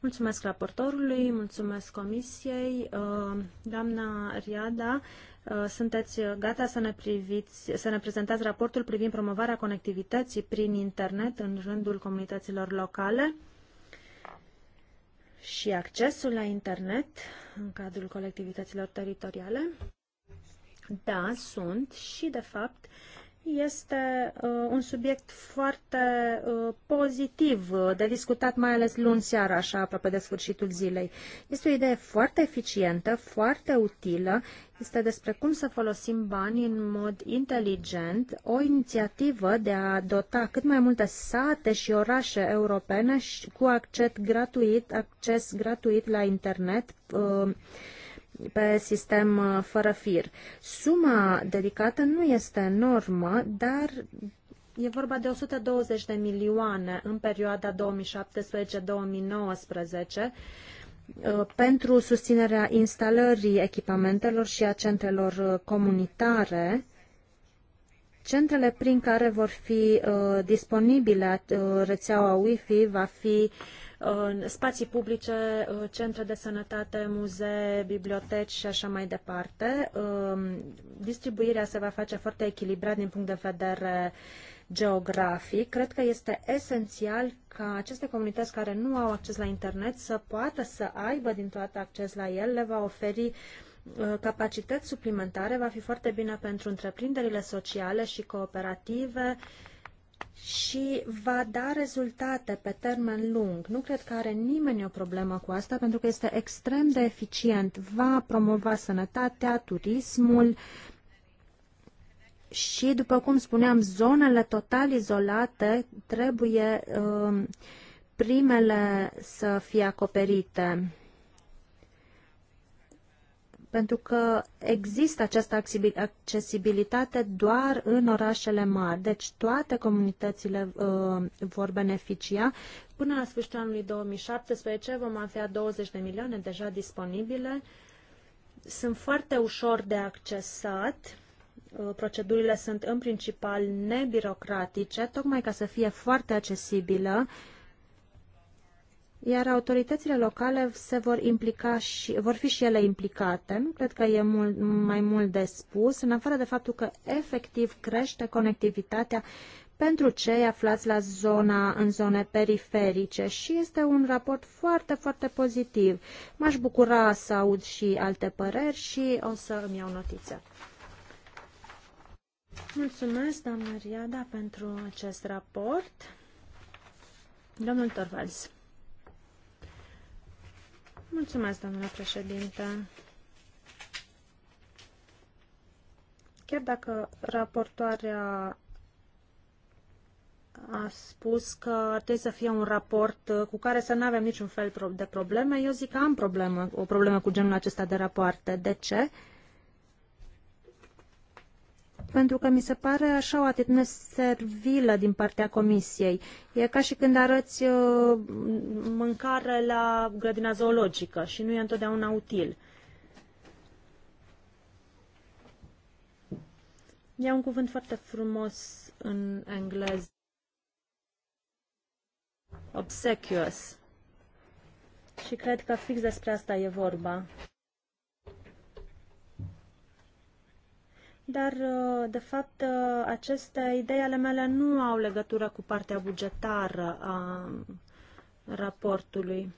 Mulțumesc raportorului, mulțumesc comisiei. Doamna Riada, Uh, sunteți uh, gata să ne, priviți, să ne prezentați raportul privind promovarea conectivității prin internet în rândul comunităților locale și accesul la internet în cadrul colectivităților teritoriale? Da, sunt și, de fapt, este uh, un subiect foarte uh, pozitiv uh, de discutat, mai ales luni seara, așa aproape de sfârșitul zilei. Este o idee foarte eficientă, foarte utilă. Este despre cum să folosim bani în mod inteligent, o inițiativă de a dota cât mai multe sate și orașe europene cu acces gratuit, acces gratuit la internet. Uh, pe sistem uh, fără fir. Suma dedicată nu este enormă, dar e vorba de 120 de milioane în perioada 2017-2019 uh, pentru susținerea instalării echipamentelor și a centrelor uh, comunitare, centrele prin care vor fi uh, disponibile uh, rețeaua Wi-Fi va fi uh, în spații publice, uh, centre de sănătate, muzee, biblioteci și așa mai departe. Um, distribuirea se va face foarte echilibrat din punct de vedere geografic. Cred că este esențial ca aceste comunități care nu au acces la internet să poată să aibă din toată acces la el, le va oferi uh, capacități suplimentare, va fi foarte bine pentru întreprinderile sociale și cooperative, și va da rezultate pe termen lung. Nu cred că are nimeni o problemă cu asta, pentru că este extrem de eficient. Va promova sănătatea, turismul și, după cum spuneam, zonele total izolate trebuie uh, primele să fie acoperite pentru că există această accesibilitate doar în orașele mari. Deci toate comunitățile uh, vor beneficia. Până la sfârșitul anului 2017 vom avea 20 de milioane deja disponibile. Sunt foarte ușor de accesat. Uh, procedurile sunt în principal nebirocratice, tocmai ca să fie foarte accesibilă uh, iar autoritățile locale se vor implica și vor fi și ele implicate. nu Cred că e mult, mai mult de spus, în afară de faptul că efectiv crește conectivitatea pentru cei aflați la zona, în zone periferice și este un raport foarte, foarte pozitiv. M-aș bucura să aud și alte păreri și o să îmi iau notițe. Mulțumesc, doamna Riada, pentru acest raport. Domnul Torvalds. Mulțumesc, domnule președinte. Chiar dacă raportoarea a spus că ar trebui să fie un raport cu care să nu avem niciun fel de probleme, eu zic că am problemă, o problemă cu genul acesta de rapoarte. De ce? Uh, pentru că mi se pare așa o atitudine servilă din partea comisiei. E ca și când arăți uh, mâncare la grădina zoologică și nu e întotdeauna util. E un cuvânt foarte frumos în engleză. Obsequious. Și cred că fix despre asta e vorba. dar uh, de fapt uh, aceste idei ale mele nu au legătură cu partea bugetară a um, raportului.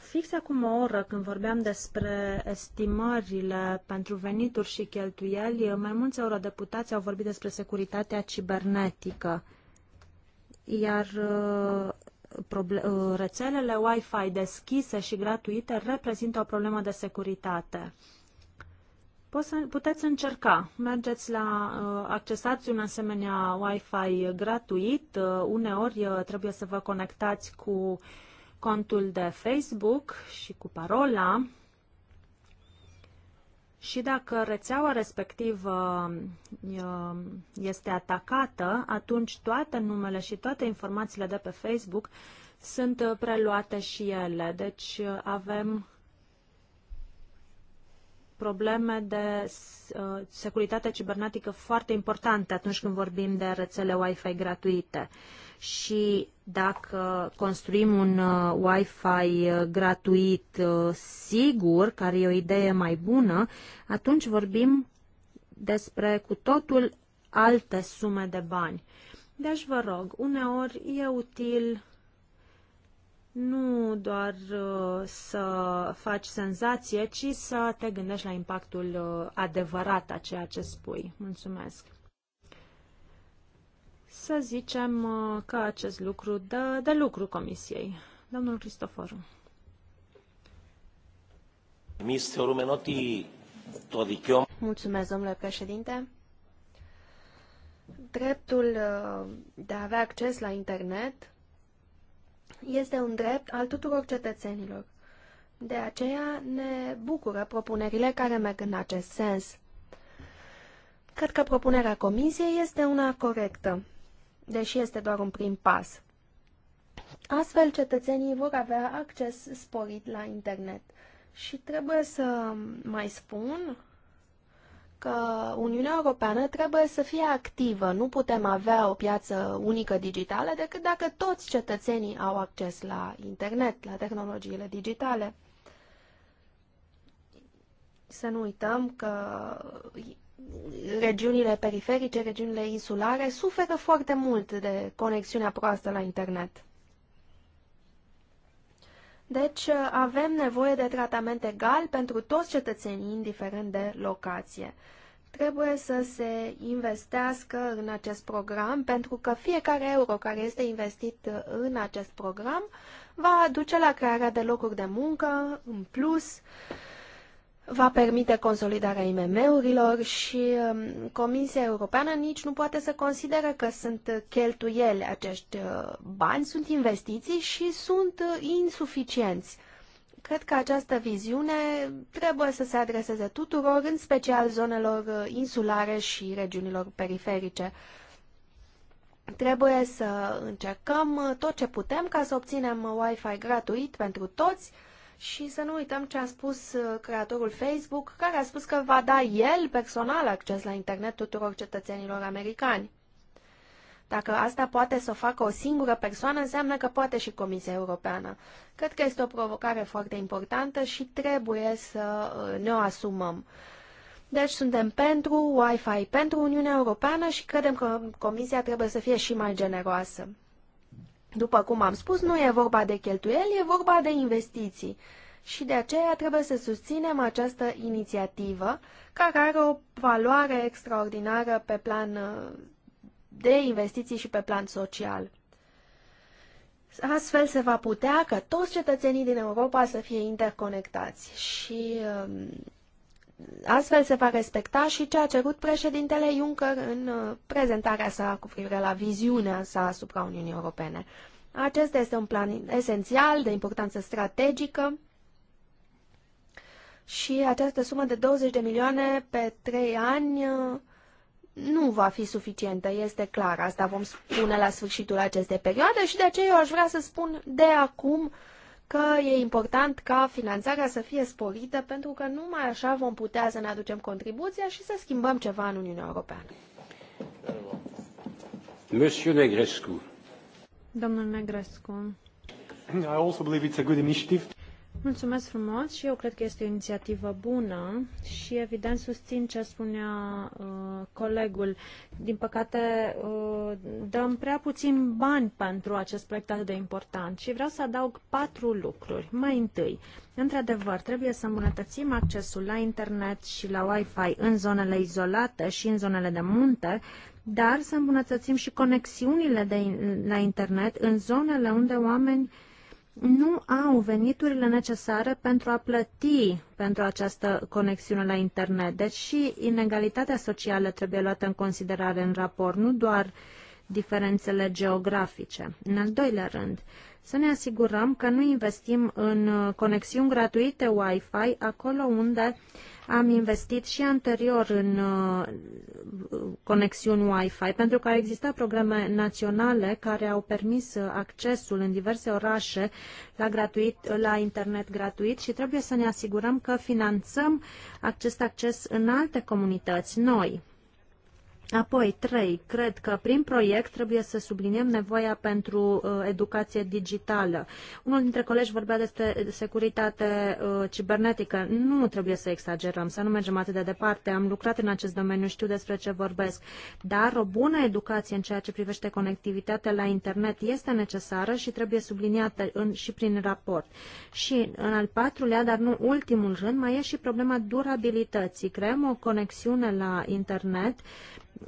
Fix acum o oră, când vorbeam despre estimările pentru venituri și cheltuieli, mai mulți eurodeputați au vorbit despre securitatea cibernetică. Iar uh, rețelele Wi-Fi deschise și gratuite reprezintă o problemă de securitate puteți încerca. Mergeți la, uh, accesați un asemenea Wi-Fi gratuit. Uh, uneori uh, trebuie să vă conectați cu contul de Facebook și cu parola. Și dacă rețeaua respectivă este atacată, atunci toate numele și toate informațiile de pe Facebook sunt preluate și ele. Deci avem probleme de uh, securitate cibernetică foarte importante atunci când vorbim de rețele Wi-Fi gratuite. Și dacă construim un uh, Wi-Fi uh, gratuit sigur, care e o idee mai bună, atunci vorbim despre cu totul alte sume de bani. Deci vă rog, uneori e util nu doar uh, să faci senzație, ci să te gândești la impactul uh, adevărat a ceea ce spui. Mulțumesc! Să zicem uh, că acest lucru dă de lucru Comisiei. Domnul Cristoforu. Adică Mulțumesc, domnule președinte. Dreptul de a avea acces la internet este un drept al tuturor cetățenilor. De aceea ne bucură propunerile care merg în acest sens. Cred că propunerea comisiei este una corectă, deși este doar un prim pas. Astfel, cetățenii vor avea acces sporit la internet. Și trebuie să mai spun că Uniunea Europeană trebuie să fie activă. Nu putem avea o piață unică digitală decât dacă toți cetățenii au acces la internet, la tehnologiile digitale. Să nu uităm că regiunile periferice, regiunile insulare suferă foarte mult de conexiunea proastă la internet. Deci uh, avem nevoie de tratament egal pentru toți cetățenii, indiferent de locație. Trebuie să se investească în acest program, pentru că fiecare euro care este investit uh, în acest program va duce la crearea de locuri de muncă în plus, va permite consolidarea IMM-urilor și um, Comisia Europeană nici nu poate să considere că sunt cheltuieli acești uh, bani, sunt investiții și sunt uh, insuficienți. Cred că această viziune trebuie să se adreseze tuturor, în special zonelor uh, insulare și regiunilor periferice. Trebuie să încercăm tot ce putem ca să obținem Wi-Fi gratuit pentru toți, și să nu uităm ce a spus uh, creatorul Facebook, care a spus că va da el personal acces la internet tuturor cetățenilor americani. Dacă asta poate să o facă o singură persoană, înseamnă că poate și Comisia Europeană. Cred că este o provocare foarte importantă și trebuie să uh, ne o asumăm. Deci suntem pentru Wi-Fi, pentru Uniunea Europeană și credem că Comisia trebuie să fie și mai generoasă. După cum am spus, nu e vorba de cheltuieli, e vorba de investiții. Și de aceea trebuie să susținem această inițiativă, care are o valoare extraordinară pe plan uh, de investiții și pe plan social. Astfel se va putea ca toți cetățenii din Europa să fie interconectați și um, Astfel se va respecta și ce a cerut președintele Juncker în uh, prezentarea sa cu privire la viziunea sa asupra Uniunii Europene. Acesta este un plan esențial, de importanță strategică și această sumă de 20 de milioane pe 3 ani uh, nu va fi suficientă, este clar. Asta vom spune la sfârșitul acestei perioade și de aceea eu aș vrea să spun de acum uh, că e important ca finanțarea să fie sporită, pentru că numai așa vom putea să ne aducem contribuția și să schimbăm ceva în Uniunea Europeană. Monsieur Negrescu. Domnul Negrescu. I also believe it's a good initiative. Mulțumesc frumos și eu cred că este o inițiativă bună și evident susțin ce spunea uh, colegul. Din păcate uh, dăm prea puțin bani pentru acest proiect atât de important și vreau să adaug patru lucruri. Mai întâi, într-adevăr, trebuie să îmbunătățim accesul la internet și la Wi-Fi în zonele izolate și în zonele de munte, dar să îmbunătățim și conexiunile de, la internet în zonele unde oameni uh, nu au veniturile necesare pentru a plăti pentru această conexiune la internet. Deci și inegalitatea socială trebuie luată în considerare în raport, nu doar uh, diferențele geografice. În al doilea rând, să ne asigurăm că nu investim în uh, conexiuni gratuite Wi-Fi acolo unde am investit și anterior în uh, conexiuni Wi-Fi, pentru că au existat programe naționale care au permis uh, accesul în diverse orașe la, gratuit, la internet gratuit și trebuie să ne asigurăm că finanțăm acest acces în alte comunități noi. Apoi, trei Cred că prin proiect trebuie să subliniem nevoia pentru uh, educație digitală. Unul dintre colegi vorbea despre securitate uh, cibernetică. Nu trebuie să exagerăm, să nu mergem atât de departe. Am lucrat în acest domeniu, știu despre ce vorbesc. Dar o bună educație în ceea ce privește conectivitatea la internet este necesară și trebuie subliniată în, și prin raport. Și în al patrulea, dar nu ultimul rând, mai e și problema durabilității. Creăm o conexiune la internet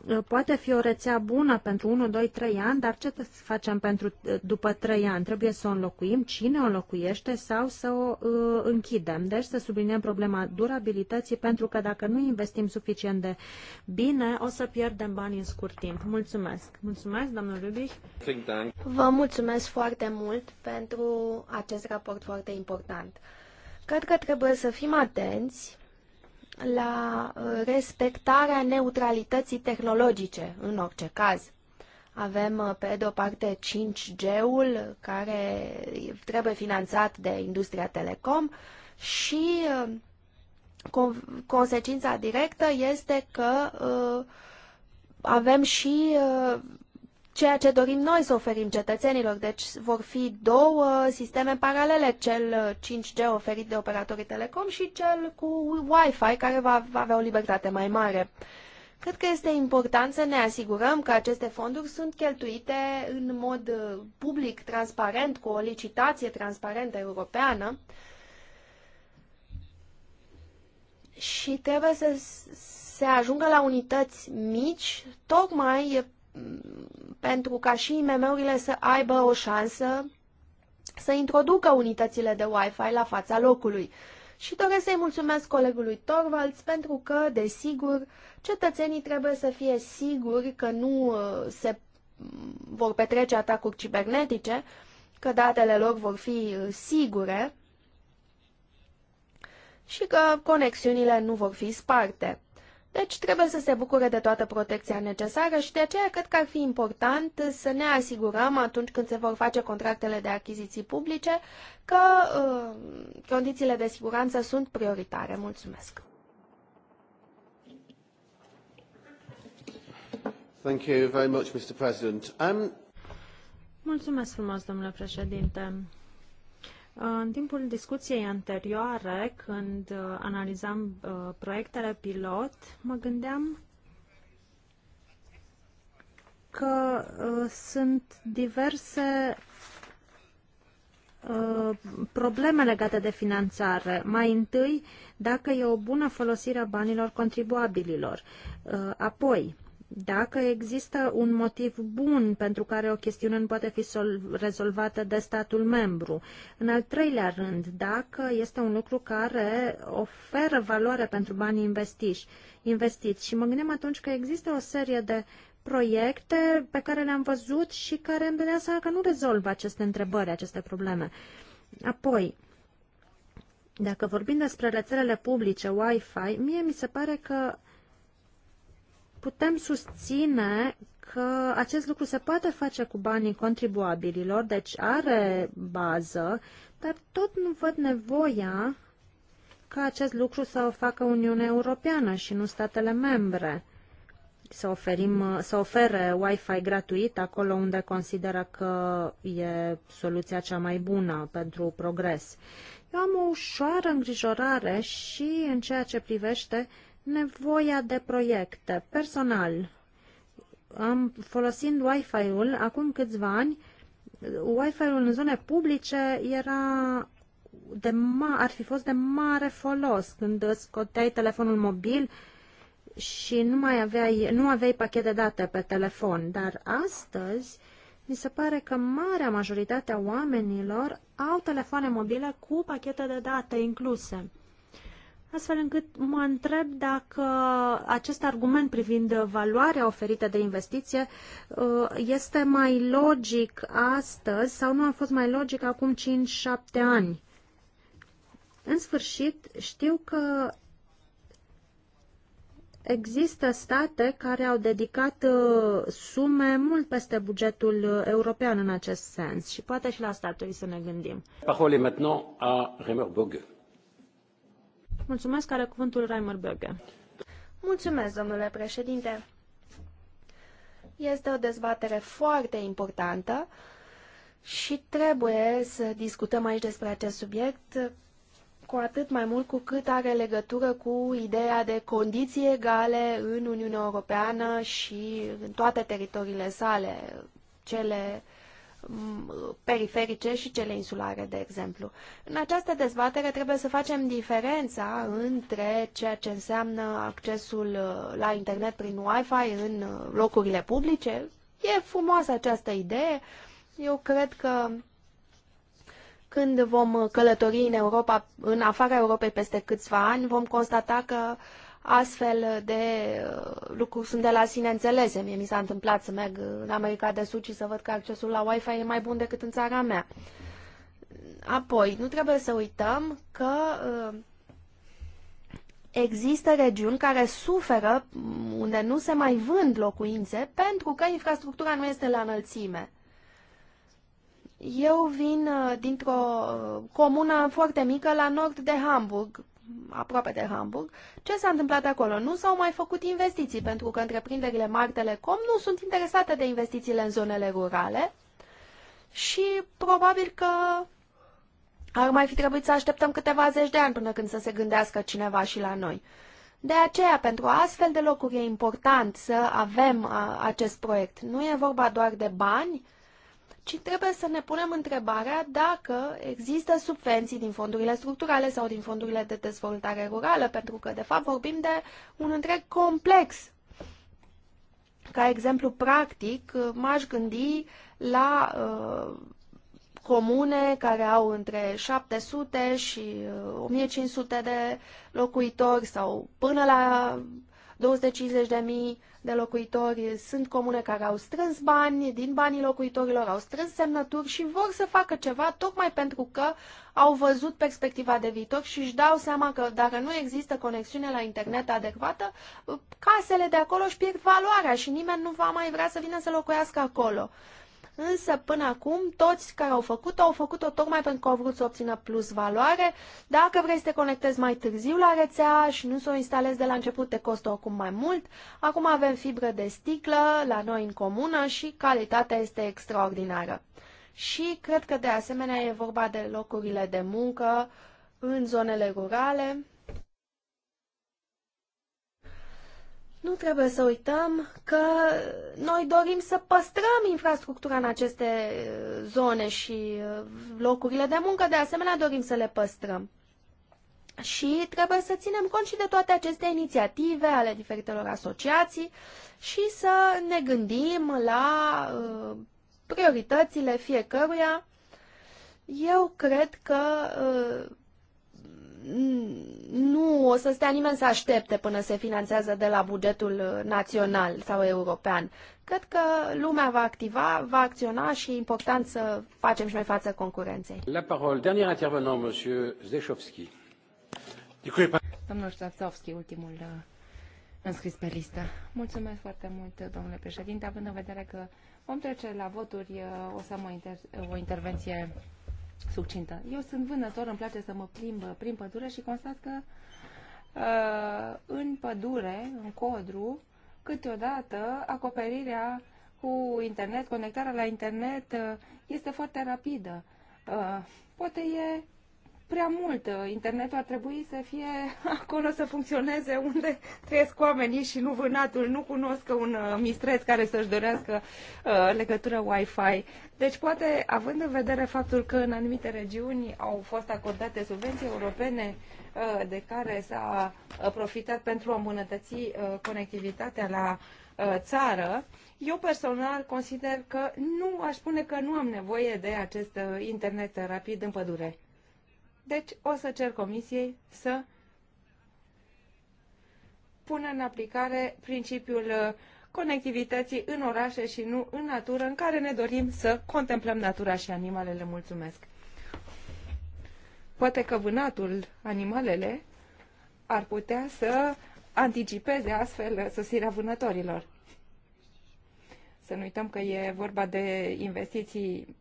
Uh, poate fi o rețea bună pentru 1, 2, 3 ani, dar ce să facem pentru uh, după 3 ani? Trebuie să o înlocuim, cine o înlocuiește sau să o uh, închidem. Deci să subliniem problema durabilității, pentru că dacă nu investim suficient de bine, o să pierdem bani în scurt timp. Mulțumesc! Mulțumesc, domnul Rubiș! Vă mulțumesc foarte mult pentru acest raport foarte important. Cred că trebuie să fim atenți la uh, respectarea neutralității tehnologice, în orice caz. Avem, uh, pe de o parte, 5G-ul, care trebuie finanțat de industria telecom și uh, consecința directă este că avem și ceea ce dorim noi să oferim cetățenilor. Deci vor fi două sisteme paralele, cel 5G oferit de operatorii telecom și cel cu Wi-Fi, care va, va avea o libertate mai mare. Cred că este important să ne asigurăm că aceste fonduri sunt cheltuite în mod public, transparent, cu o licitație transparentă europeană și trebuie să se ajungă la unități mici, tocmai pentru ca și IMM-urile să aibă o șansă să introducă unitățile de Wi-Fi la fața locului. Și doresc să-i mulțumesc colegului Torvalds pentru că, desigur, cetățenii trebuie să fie siguri că nu uh, se vor petrece atacuri cibernetice, că datele lor vor fi uh, sigure și că conexiunile nu vor fi sparte. Deci trebuie să se bucure de toată protecția necesară și de aceea cred că ar fi important să ne asigurăm atunci când se vor face contractele de achiziții publice că uh, condițiile de siguranță sunt prioritare. Mulțumesc! Thank you very much, Mr. President. Um... Mulțumesc frumos, domnule președinte. În timpul discuției anterioare, când uh, analizam uh, proiectele pilot, mă gândeam că uh, sunt diverse probleme legate de finanțare. Mai întâi, dacă e o bună folosire a banilor contribuabililor. Apoi, dacă există un motiv bun pentru care o chestiune nu poate fi rezolvată de statul membru. În al treilea rând, dacă este un lucru care oferă valoare pentru banii investiși, investiți. Și mă gândim atunci că există o serie de proiecte pe care le-am văzut și care îmi dădea seama că nu rezolvă aceste întrebări, aceste probleme. Apoi, dacă vorbim despre rețelele publice, Wi-Fi, mie mi se pare că putem susține că acest lucru se poate face cu banii contribuabililor, deci are bază, dar tot nu văd nevoia ca acest lucru să o facă Uniunea Europeană și nu statele membre. Să, oferim, să ofere Wi-Fi gratuit acolo unde consideră că e soluția cea mai bună pentru progres. Eu am o ușoară îngrijorare și în ceea ce privește Nevoia de proiecte. Personal, am folosind Wi-Fi-ul acum câțiva ani, Wi-Fi-ul în zone publice era de ma- ar fi fost de mare folos când scoteai telefonul mobil și nu mai aveai, nu aveai pachete de date pe telefon. Dar astăzi, mi se pare că marea majoritate a oamenilor au telefoane mobile cu pachete de date incluse astfel încât mă întreb dacă acest argument privind valoarea oferită de investiție uh, este mai logic astăzi sau nu a fost mai logic acum 5-7 ani. În sfârșit, știu că Există state care au dedicat uh, sume mult peste bugetul european în acest sens și poate și la asta să ne gândim. Parole maintenant à Remer Bogue. Mulțumesc, are cuvântul Reimer Böge. Mulțumesc, domnule președinte. Este o dezbatere foarte importantă și trebuie să discutăm aici despre acest subiect cu atât mai mult cu cât are legătură cu ideea de condiții egale în Uniunea Europeană și în toate teritoriile sale, cele periferice și cele insulare, de exemplu. În această dezbatere trebuie să facem diferența între ceea ce înseamnă accesul uh, la internet prin Wi-Fi în uh, locurile publice. E frumoasă această idee. Eu cred că când vom călători în Europa, în afara Europei peste câțiva ani, vom constata că uh, astfel de uh, lucruri sunt de la sine înțelese. Mie mi s-a întâmplat să merg în America de Sud și să văd că accesul la Wi-Fi e mai bun decât în țara mea. Apoi, nu trebuie să uităm că uh, există regiuni care suferă mm, unde nu se mai vând locuințe pentru că infrastructura nu este la înălțime. Eu vin uh, dintr-o comună foarte mică la nord de Hamburg, aproape de Hamburg, ce s-a întâmplat acolo? Nu s-au mai făcut investiții, pentru că întreprinderile mari telecom nu sunt interesate de investițiile în zonele rurale și probabil că ar mai fi trebuit să așteptăm câteva zeci de ani până când să se gândească cineva și la noi. De aceea, pentru astfel de locuri e important să avem a, acest proiect. Nu e vorba doar de bani, ci trebuie să ne punem întrebarea dacă există subvenții din fondurile structurale sau din fondurile de dezvoltare rurală, pentru că, de fapt, vorbim de un întreg complex. Ca exemplu practic, m-aș gândi la uh, comune care au între 700 și 1500 uh, de locuitori sau până la 250.000 de locuitori sunt comune care au strâns bani din banii locuitorilor, au strâns semnături și vor să facă ceva tocmai pentru că au văzut perspectiva de viitor și își dau seama că dacă nu există conexiune la internet adecvată, casele de acolo își pierd valoarea și nimeni nu va mai vrea să vină să locuiască acolo însă până acum toți care au făcut-o, au făcut-o tocmai pentru că au vrut să obțină plus valoare. Dacă vrei să te conectezi mai târziu la rețea și nu să o instalezi de la început, te costă oricum mai mult. Acum avem fibră de sticlă la noi în comună și calitatea este extraordinară. Și cred că de asemenea e vorba de locurile de muncă în zonele rurale, Nu trebuie să uităm că noi dorim să păstrăm infrastructura în aceste uh, zone și uh, locurile de muncă, de asemenea dorim să le păstrăm. Și trebuie să ținem cont și de toate aceste inițiative ale diferitelor asociații și să ne gândim la uh, prioritățile fiecăruia. Eu cred că nu o să stea nimeni să aștepte până se finanțează de la bugetul național sau european. Cred că lumea va activa, va acționa și e important să facem și noi față concurenței. La parole, dernier intervenant, monsieur Zdechovski. Domnul Ștațovski, ultimul uh, înscris pe listă. Mulțumesc foarte mult, domnule președinte, având în vedere că vom trece la voturi, uh, o să am o, inter- o intervenție succintă. Eu sunt vânător, îmi place să mă plimb prin pădure și constat că uh, în pădure, în codru, câteodată acoperirea cu internet, conectarea la internet uh, este foarte rapidă. Uh, poate e prea mult. Internetul ar trebui să fie acolo să funcționeze unde trăiesc oamenii și nu vânatul. Nu cunosc un uh, mistreț care să-și dorească uh, legătură Wi-Fi. Deci poate, având în vedere faptul că în anumite regiuni au fost acordate subvenții europene uh, de care s-a profitat pentru a îmbunătăți conectivitatea la țară, eu personal consider că nu aș spune că nu am nevoie de acest internet rapid în pădure. Deci o să cer comisiei să pună în aplicare principiul uh, conectivității în orașe și nu în natură, în care ne dorim să contemplăm natura și animalele. Mulțumesc! Poate că vânatul, animalele, ar putea să anticipeze astfel sosirea vânătorilor. Să nu uităm că e vorba de investiții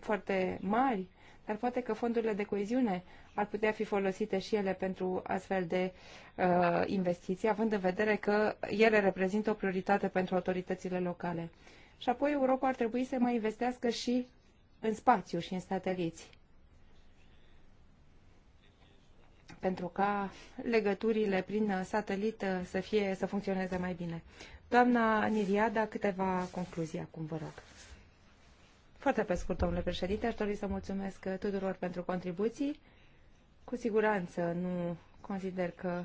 foarte mari dar poate că fondurile de coeziune ar putea fi folosite și ele pentru astfel de uh, investiții, având în vedere că ele reprezintă o prioritate pentru autoritățile locale. Și apoi Europa ar trebui să mai investească și în spațiu și în sateliți. pentru ca legăturile prin satelit uh, să, fie, să funcționeze mai bine. Doamna Niriada, câteva concluzii acum, vă rog. Foarte pe scurt, domnule președinte, aș dori să mulțumesc tuturor pentru contribuții. Cu siguranță nu consider că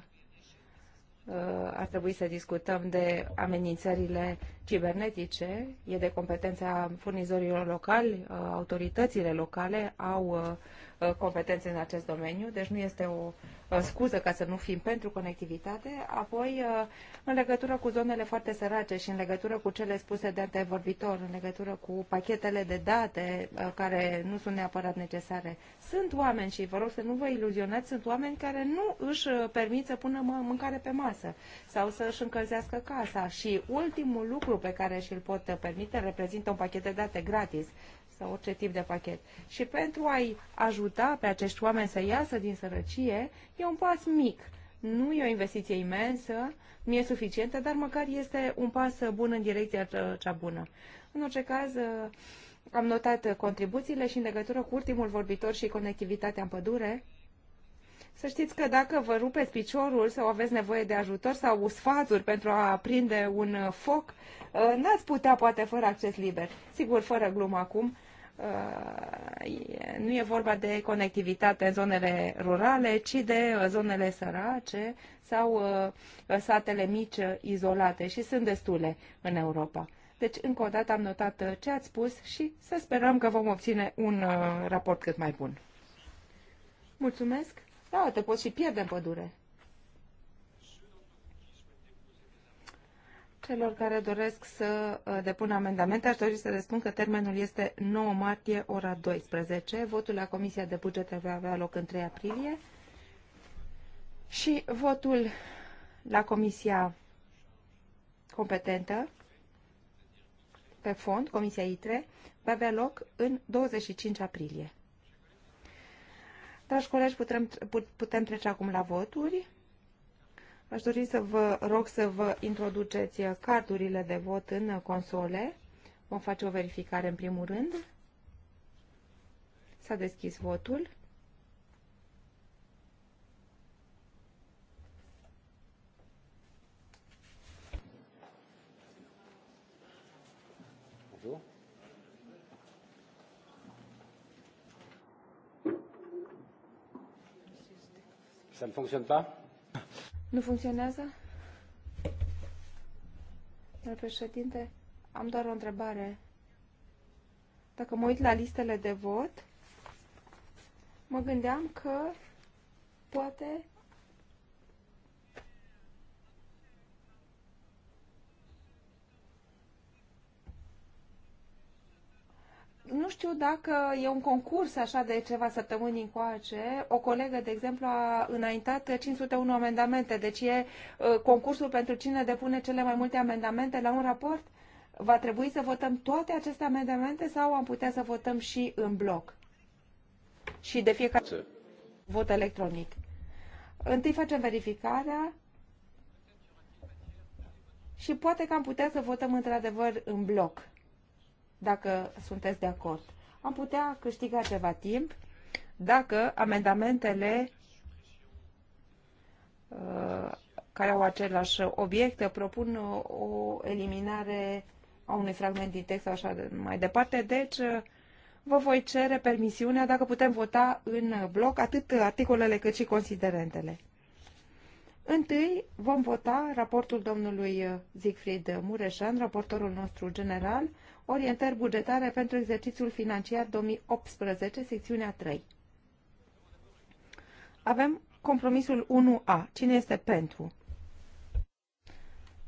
uh, ar trebui să discutăm de amenințările cibernetice e de competența furnizorilor locali, uh, autoritățile locale au uh, uh, competențe în acest domeniu, deci nu este o scuză ca să nu fim pentru conectivitate. Apoi, în legătură cu zonele foarte sărace și în legătură cu cele spuse de antevorbitor, în legătură cu pachetele de date care nu sunt neapărat necesare, sunt oameni și vă rog să nu vă iluzionați, sunt oameni care nu își permit să pună mâncare pe masă sau să își încălzească casa și ultimul lucru singurul pe care și-l pot permite reprezintă un pachet de date gratis sau orice tip de pachet. Și pentru a-i ajuta pe acești oameni să iasă din sărăcie, e un pas mic. Nu e o investiție imensă, nu e suficientă, dar măcar este un pas bun în direcția cea bună. În orice caz, am notat contribuțiile și în legătură cu ultimul vorbitor și conectivitatea în pădure, să știți că dacă vă rupeți piciorul sau aveți nevoie de ajutor sau sfaturi pentru a aprinde un foc, uh, n-ați putea poate fără acces liber. Sigur, fără glumă acum, uh, nu e vorba de conectivitate în zonele rurale, ci de uh, zonele sărace sau satele mici izolate și sunt destule în Europa. Deci, încă o dată am notat ce ați spus și să sperăm că vom obține un raport cât mai bun. Mulțumesc! Da, te poți și pierde în pădure. Celor care doresc să uh, depună amendamente, aș dori să le spun că termenul este 9 martie, ora 12. Votul la Comisia de Bugete va avea loc în 3 aprilie și votul la Comisia competentă pe fond, Comisia ITRE, va avea loc în 25 aprilie. Dragi colegi, putem, putem trece acum la voturi. Aș dori să vă rog să vă introduceți cardurile de vot în console. Vom face o verificare în primul rând. S-a deschis votul. Ça ne fonctionne pas? Nu funcționează? Domnul președinte, am doar o întrebare. Dacă mă uit la listele de vot, mă gândeam că poate nu știu dacă e un concurs așa de ceva săptămâni încoace. O colegă, de exemplu, a înaintat 501 amendamente. Deci e uh, concursul pentru cine depune cele mai multe amendamente la un raport. Va trebui să votăm toate aceste amendamente sau am putea să votăm și în bloc? Și de fiecare vot electronic. Întâi facem verificarea și poate că am putea să votăm într-adevăr în bloc dacă sunteți de acord. Am putea câștiga ceva timp dacă amendamentele uh, care au același obiect propun o eliminare a unui fragment din text, așa de mai departe. Deci, uh, vă voi cere permisiunea dacă putem vota în bloc atât articolele cât și considerentele. Întâi vom vota raportul domnului uh, Siegfried Mureșan, raportorul nostru general, orientări bugetare pentru exercițiul financiar 2018, secțiunea 3. Avem compromisul 1A. Cine este pentru?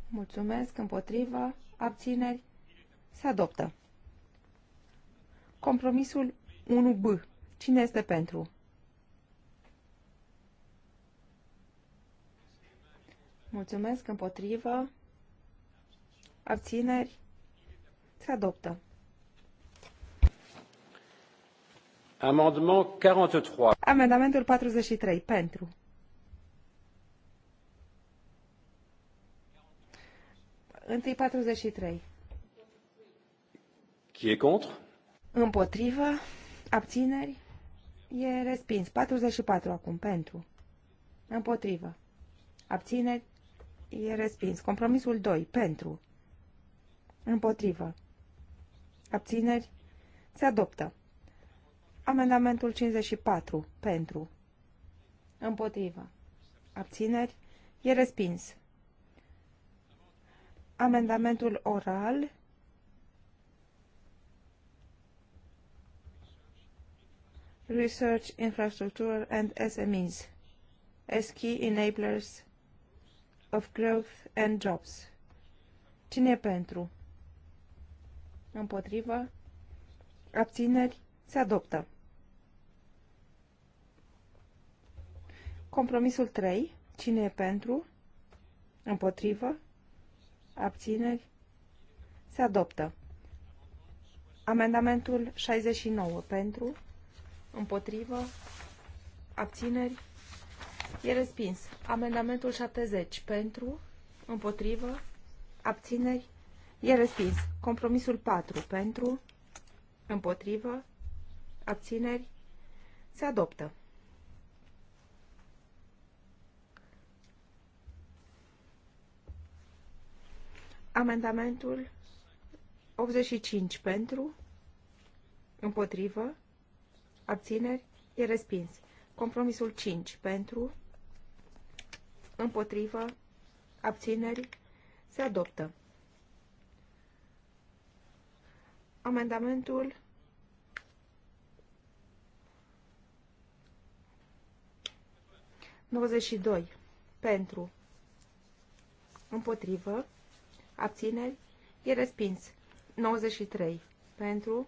Mulțumesc. Împotrivă. Abțineri. Se adoptă. Compromisul 1B. Cine este pentru? Mulțumesc. Împotrivă. Abțineri. Se adoptă. Amendement 43. Amendamentul 43. Pentru. Întâi 43. Qui est contre? Împotrivă. Abțineri. E respins. 44 acum. Pentru. Împotrivă. Abțineri. E respins. Compromisul 2. Pentru. Împotrivă. Abțineri? Se adoptă. Amendamentul 54. Pentru. Împotrivă. Abțineri? E respins. Amendamentul oral Research Infrastructure and SMEs as key enablers of growth and jobs. Cine e pentru? Împotrivă. Abțineri. Se adoptă. Compromisul 3. Cine e pentru? Împotrivă? Abțineri? Se adoptă. Amendamentul 69. Pentru? Împotrivă? Abțineri? E respins. Amendamentul 70. Pentru? Împotrivă? Abțineri? E respins. Compromisul 4 pentru, împotrivă, abțineri, se adoptă. Amendamentul 85 pentru, împotrivă, abțineri, e respins. Compromisul 5 pentru, împotrivă, abțineri, se adoptă. Amendamentul 92 pentru împotrivă abțineri e respins 93 pentru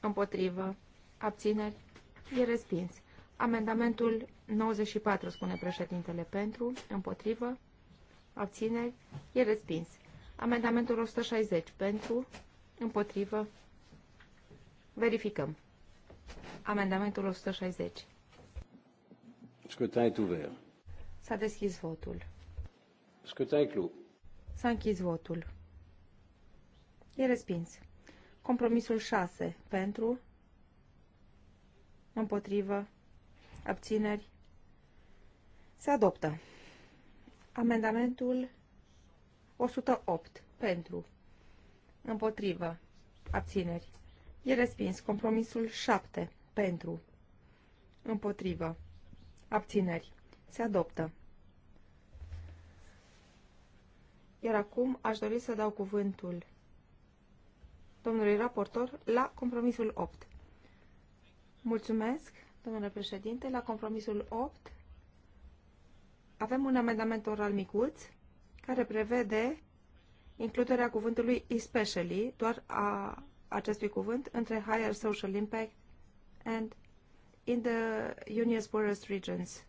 împotrivă abțineri e respins amendamentul 94 spune președintele pentru împotrivă abțineri e respins amendamentul 160 pentru Împotrivă. Verificăm. Amendamentul 160. Scrutin ouvert. S-a deschis votul. Scrutin est clos. S-a închis votul. E respins. Compromisul 6. Pentru. Împotrivă. Abțineri. Se adoptă. Amendamentul 108. Pentru. Împotrivă. Abțineri. E respins. Compromisul 7. Pentru. Împotrivă. Abțineri. Se adoptă. Iar acum aș dori să dau cuvântul domnului raportor la compromisul 8. Mulțumesc, domnule președinte. La compromisul 8 avem un amendament oral micuț care prevede includerea cuvântului especially, doar a acestui cuvânt, între higher social impact and in the union's poorest regions.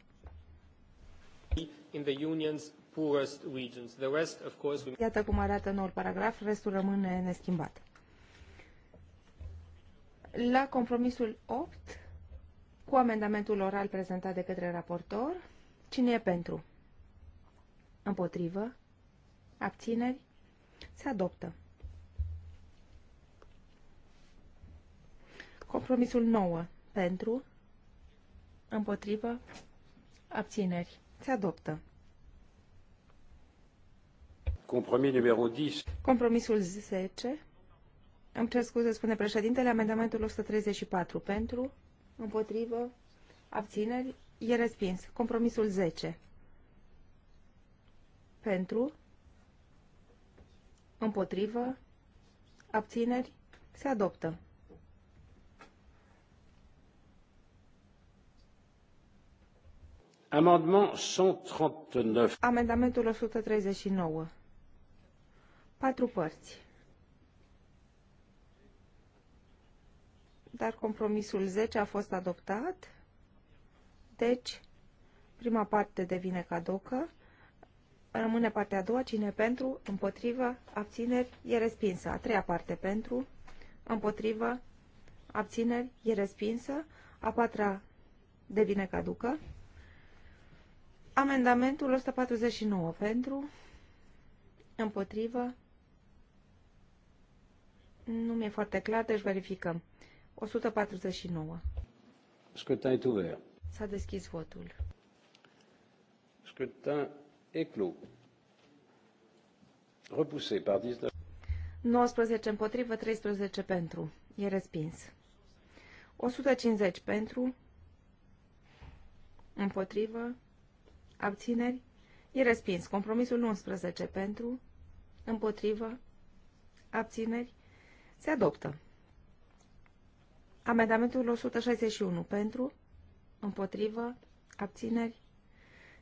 In the union's poorest regions. The rest, of course, we... Iată cum arată noul paragraf, restul rămâne neschimbat. La compromisul 8, cu amendamentul oral prezentat de către raportor, cine e pentru? Împotrivă? Abțineri? Se adoptă. Compromisul 9. Pentru. Împotrivă. Abțineri. Se adoptă. Compromis numărul 10. Compromisul 10. Îmi cer scuze, spune președintele, amendamentul 134. Pentru. Împotrivă. Abțineri. E respins. Compromisul 10. Pentru. Împotrivă. Abțineri. Se adoptă. Amendement 139. Amendamentul 139. Patru părți. Dar compromisul 10 a fost adoptat. Deci, prima parte devine cadocă. Rămâne partea a doua. Cine pentru? Împotrivă? Abțineri? E respinsă. A treia parte pentru? Împotrivă? Abțineri? E respinsă. A patra devine caducă. Amendamentul 149 pentru? Împotrivă? Nu mi-e foarte clar, deci verificăm. 149. S-a deschis votul. Scrutin est Repoussé par 19. 19 împotrivă, 13 pentru. E respins. 150 pentru, împotrivă, abțineri. E respins. Compromisul 11 pentru, împotrivă, abțineri. Se adoptă. Amendamentul 161 pentru, împotrivă, abțineri.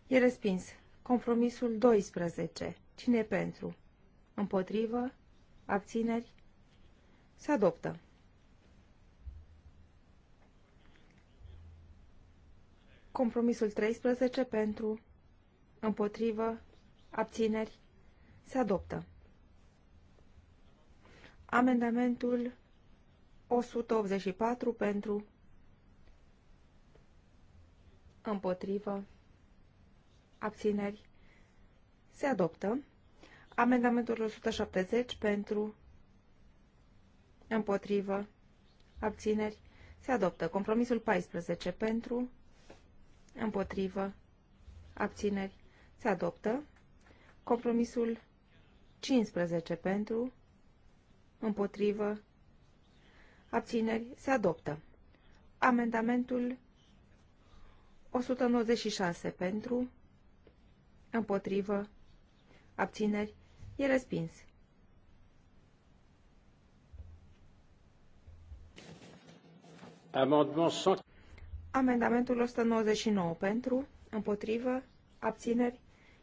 E respins. Compromisul 12. Cine pentru? Împotrivă? Abțineri? Se adoptă. Compromisul 13 pentru, împotrivă, abțineri, se adoptă. Amendamentul 184 pentru, împotrivă, abțineri, se adoptă. Amendamentul 170 pentru, împotrivă, abțineri, se adoptă. Compromisul 14 pentru, împotrivă, abțineri, se adoptă. Compromisul 15 pentru, împotrivă, abțineri, se adoptă. Amendamentul 196 pentru, împotrivă, abțineri, e respins. Amendamentul 199 pentru, împotrivă, abțineri,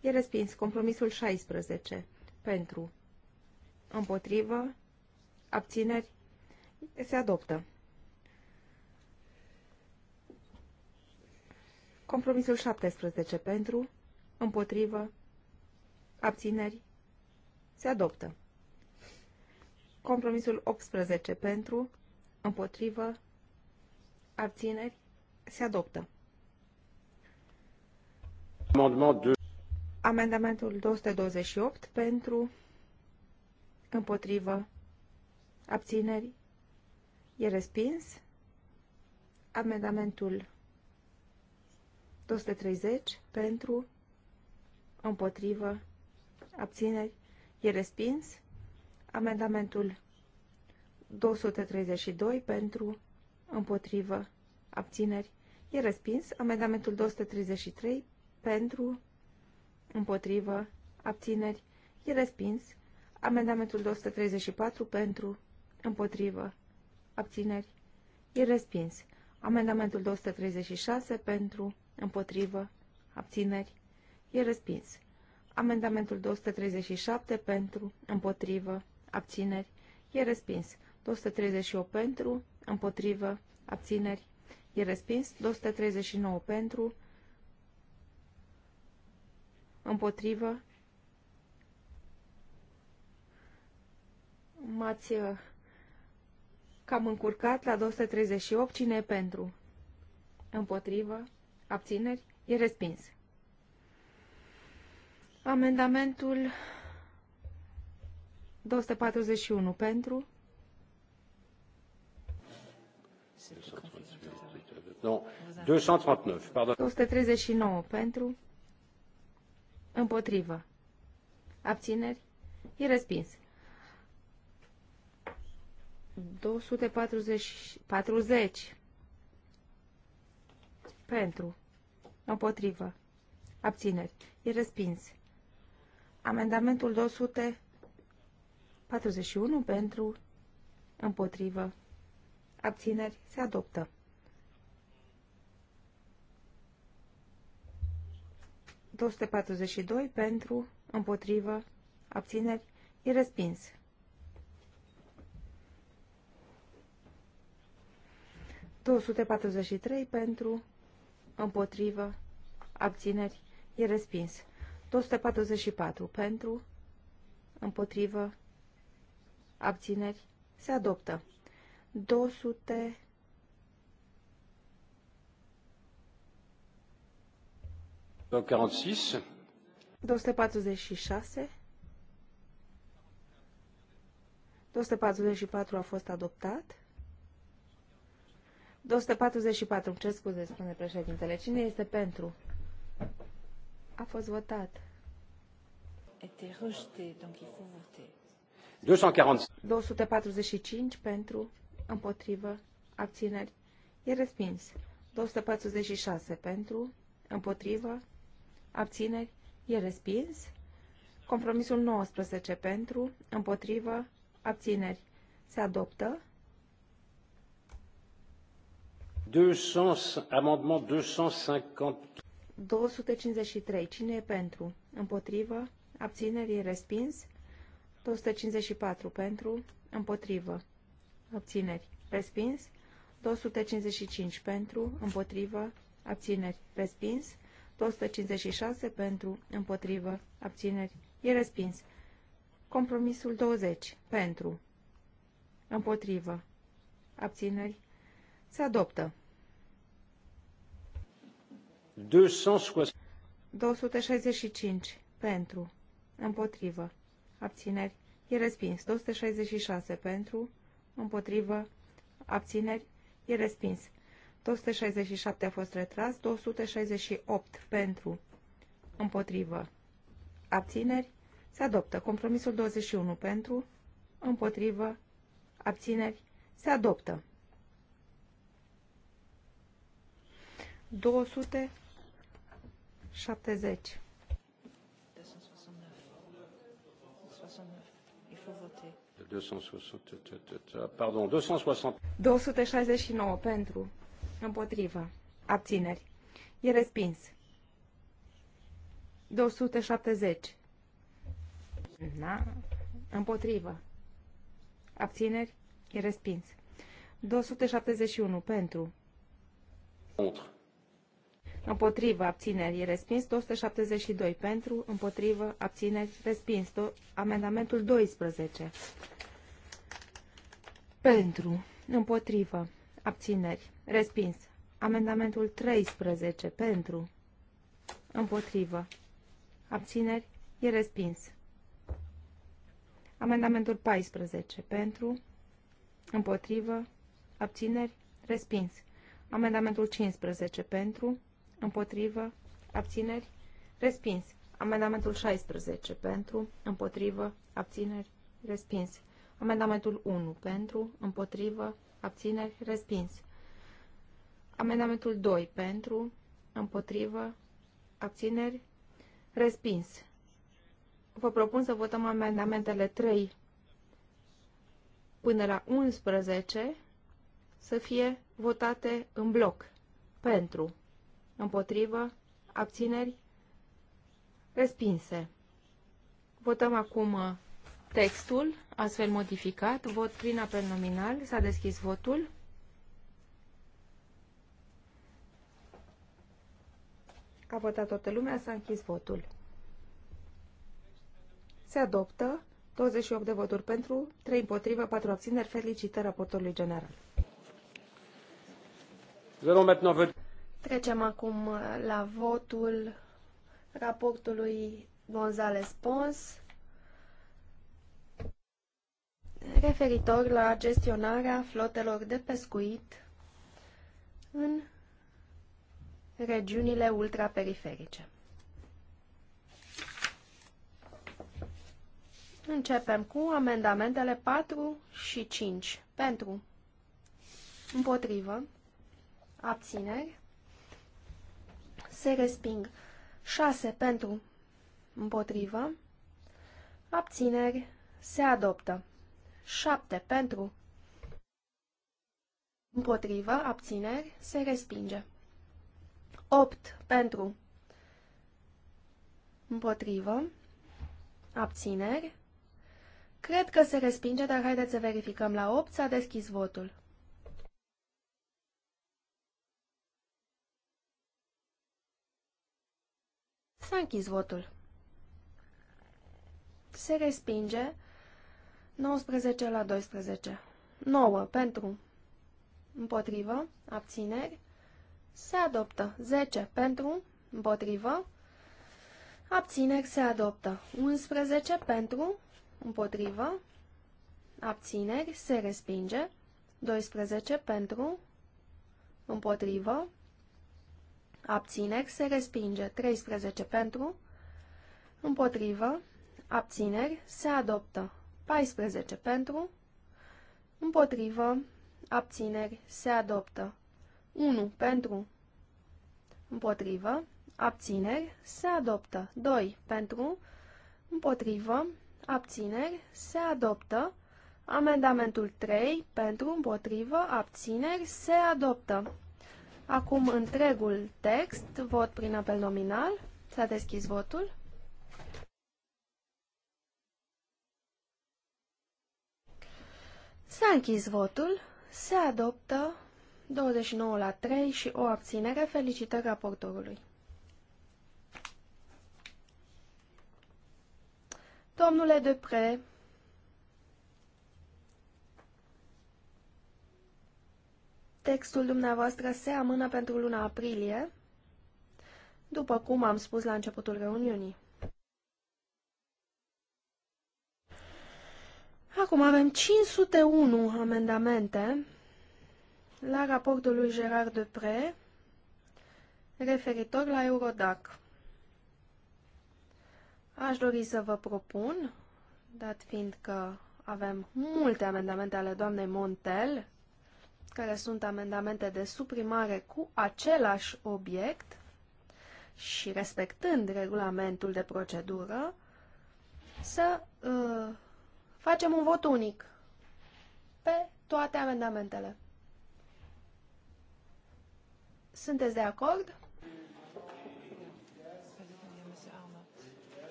e respins. Compromisul 16 pentru, împotrivă, abțineri, se adoptă. Compromisul 17 pentru, împotrivă, abțineri, se adoptă. Compromisul 18 pentru, împotrivă, abțineri, se adoptă. Amendamentul 228 pentru, împotrivă, abțineri, e respins. Amendamentul 230 pentru, împotrivă, abțineri, e respins. Amendamentul 232 pentru, împotrivă, abțineri, e respins. Amendamentul 233 pentru, împotrivă, abțineri, e respins. Amendamentul 234 pentru, împotrivă, abțineri, e respins. Amendamentul 236 pentru, împotrivă, abțineri, E respins. Amendamentul 237 pentru, împotrivă, abțineri, e respins. 238 pentru, împotrivă, abțineri, e respins. 239 pentru, împotrivă. M-ați uh, cam încurcat la 238. Cine e pentru? Împotrivă, abțineri, e respins. Amendamentul 241 pentru. Non, 239, pardon. 239 pentru. Împotrivă. Abțineri? E respins. 240 pentru. Împotrivă. Abțineri. E respins. Amendamentul 241 pentru, împotrivă, abțineri se adoptă. 242 pentru, împotrivă, abțineri, e respins. trei pentru, împotrivă, abțineri, e respins. 244 pentru, împotrivă, abțineri, se adoptă. 200 246 244 a fost adoptat. 244, îmi cer scuze, spune președintele. Cine este pentru? a fost votat. Était rejeté, donc il faut voter. 245 pentru, împotrivă, abțineri. E respins. 246 pentru, împotrivă, abțineri. E respins. Compromisul 19 pentru, împotrivă, abțineri. Se adoptă. 200, amendement 250. 253. Cine e pentru? Împotrivă. Abținerii respins. 254 pentru. Împotrivă. Abțineri. Respins. 255 pentru. Împotrivă. Abțineri. Respins. 256 pentru. Împotrivă. Abțineri. E respins. Compromisul 20. Pentru. Împotrivă. Abțineri. Se adoptă. 265 pentru, împotrivă, abțineri, e respins. 266 pentru, împotrivă, abțineri, e respins. 267 a fost retras, 268 pentru, împotrivă, abțineri, se adoptă. Compromisul 21 pentru, împotrivă, abțineri, se adoptă. 200 70. Pardon, 260. 269 pentru, împotrivă, abțineri. E respins. 270. Na, împotrivă. Abțineri, e respins. 271 pentru. Contre. Împotrivă, abțineri, respins. 272 pentru, împotrivă, abțineri, respins. to amendamentul 12. Pentru, împotrivă, abțineri, respins. Amendamentul 13. Pentru, împotrivă, abțineri, e respins. Amendamentul 14. Pentru, împotrivă, abțineri, respins. Amendamentul 15. Pentru, împotrivă, abțineri, respins. Amendamentul 16 pentru, împotrivă, abțineri, respins. Amendamentul 1 pentru, împotrivă, abțineri, respins. Amendamentul 2 pentru, împotrivă, abțineri, respins. Vă propun să votăm amendamentele 3 până la 11 să fie votate în bloc. Pentru, împotrivă, abțineri, respinse. Votăm acum uh, textul, astfel modificat, vot prin apel nominal, s-a deschis votul. A votat toată lumea, s-a închis votul. Se adoptă 28 de voturi pentru, 3 împotrivă, 4 abțineri. Felicitări raportorului general. Trecem acum la votul raportului González Pons referitor la gestionarea flotelor de pescuit în regiunile ultraperiferice. Începem cu amendamentele 4 și 5. Pentru, împotrivă, abțineri, se resping. 6 pentru, împotrivă, abțineri, se adoptă. 7 pentru, împotrivă, abțineri, se respinge. 8 pentru, împotrivă, abțineri, cred că se respinge, dar haideți să verificăm la 8, s-a deschis votul. S-a închis votul. Se respinge 19 la 12. 9 pentru. Împotrivă. Abțineri. Se adoptă 10 pentru. Împotrivă. Abțineri se adoptă 11 pentru. Împotrivă. Abțineri se respinge 12 pentru. Împotrivă abțineri, se respinge. 13 pentru, împotrivă, abțineri, se adoptă. 14 pentru, împotrivă, abțineri, se adoptă. 1 pentru, împotrivă, abțineri, se adoptă. 2 pentru, împotrivă, abțineri, se adoptă. Amendamentul 3 pentru, împotrivă, abțineri, se adoptă. Acum întregul text, vot prin apel nominal. S-a deschis votul. S-a închis votul. Se adoptă 29 la 3 și o abținere. Felicitări raportorului. Domnule Depre, Textul dumneavoastră se amână pentru luna aprilie, după cum am spus la începutul reuniunii. Acum avem 501 amendamente la raportul lui Gerard Depre referitor la Eurodac. Aș dori să vă propun, dat fiind că avem multe amendamente ale doamnei Montel, care sunt amendamente de suprimare cu același obiect și respectând regulamentul de procedură, să uh, facem un vot unic pe toate amendamentele. Sunteți de acord?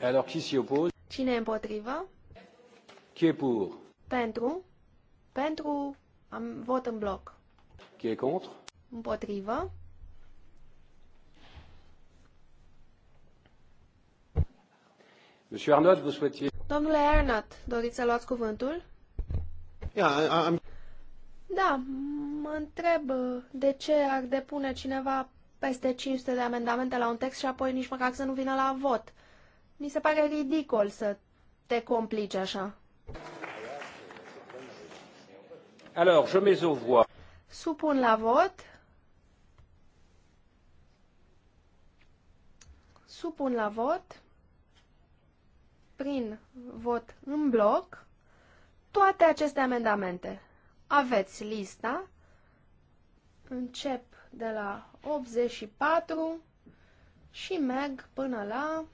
Alors, qui s'y oppose? Cine e împotrivă? Qui est pour? Pentru. Pentru, am vot în bloc. Qui est contre? Împotrivă. Monsieur Arnaud, vous souhaitiez... Domnule Arnott, doriți să luați cuvântul? Yeah, I'm... Da, mă întreb uh, de ce ar depune cineva peste 500 de amendamente la un text și apoi nici măcar să nu vină la vot. Mi se pare ridicol să te complici așa. Alors, je mets au voie. Supun la vot. Supun la vot prin vot în bloc toate aceste amendamente. Aveți lista. Încep de la 84 și merg până la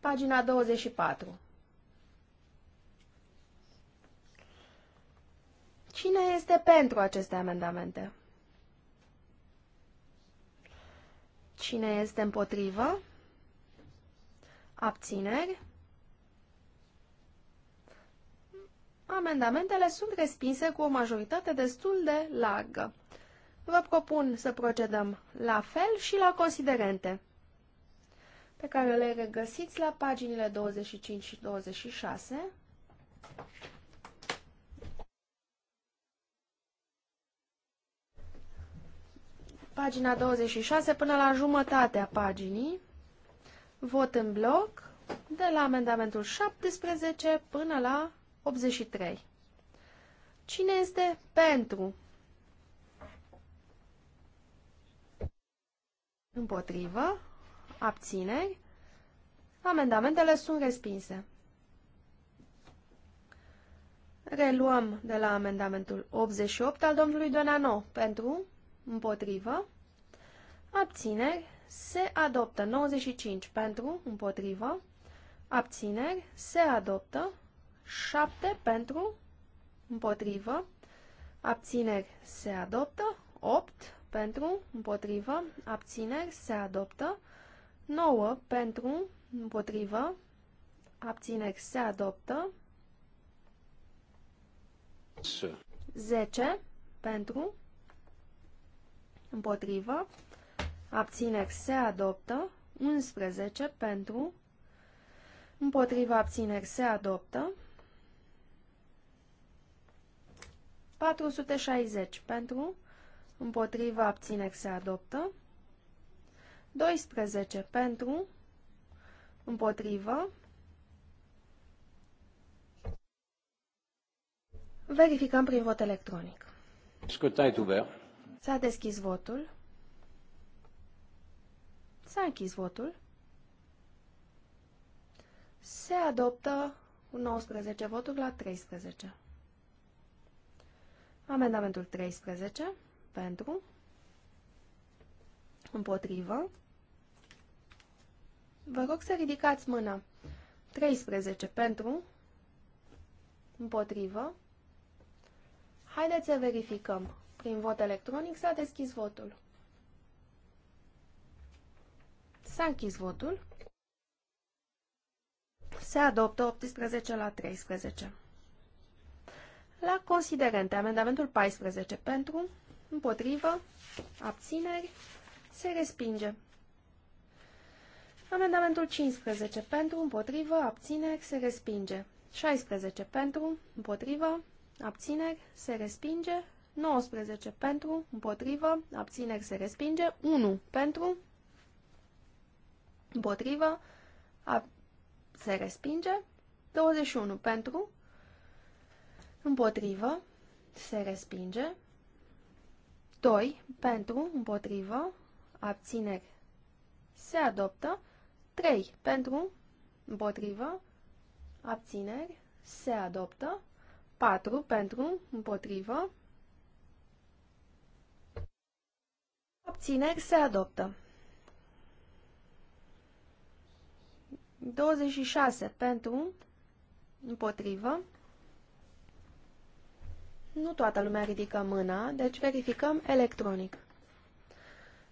pagina 24. Cine este pentru aceste amendamente? Cine este împotrivă? Abțineri? Amendamentele sunt respinse cu o majoritate destul de largă. Vă propun să procedăm la fel și la considerente, pe care le regăsiți la paginile 25 și 26. pagina 26 până la jumătatea paginii, vot în bloc, de la amendamentul 17 până la 83. Cine este pentru? Împotrivă? Abțineri? Amendamentele sunt respinse. Reluăm de la amendamentul 88 al domnului Donano. Pentru? împotrivă, abțineri, se adoptă. 95 pentru, împotrivă, abțineri, se adoptă. 7 pentru, împotrivă, abțineri, se adoptă. 8 pentru, împotrivă, abțineri, se adoptă. 9 pentru, împotrivă, abțineri, se adoptă. 10 pentru, împotrivă, abțineri se adoptă, 11 pentru, împotrivă abțineri se adoptă, 460 pentru, împotrivă abțineri se adoptă, 12 pentru, împotrivă, verificăm prin vot electronic. Scrutin est S-a deschis votul. S-a închis votul. Se adoptă 19 voturi la 13. Amendamentul 13 pentru, împotrivă. Vă rog să ridicați mâna. 13 pentru, împotrivă. Haideți să verificăm. Prin vot electronic s-a deschis votul. S-a închis votul. Se adoptă 18 la 13. La considerente, amendamentul 14 pentru, împotrivă, abțineri, se respinge. Amendamentul 15 pentru, împotrivă, abțineri, se respinge. 16 pentru, împotrivă, abțineri, se respinge. 19 pentru, împotrivă, abțineri se respinge, 1 pentru, împotrivă, a, se respinge, 21 pentru, împotrivă, se respinge, 2 pentru, împotrivă, abțineri se adoptă, 3 pentru, împotrivă, abțineri se adoptă, 4 pentru, împotrivă, Abțineri se adoptă. 26 pentru, împotrivă. Nu toată lumea ridică mâna, deci verificăm electronic.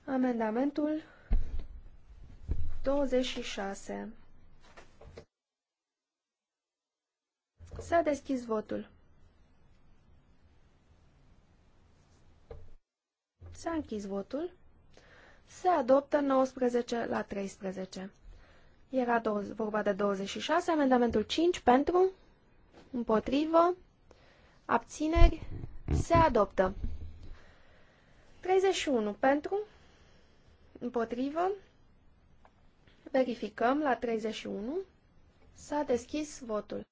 Amendamentul 26. S-a deschis votul. S-a închis votul. Se adoptă 19 la 13. Era vorba de 26, amendamentul 5 pentru, împotrivă, abțineri, se mhm. adoptă. 31 pentru, împotrivă, verificăm la 31, s-a deschis votul.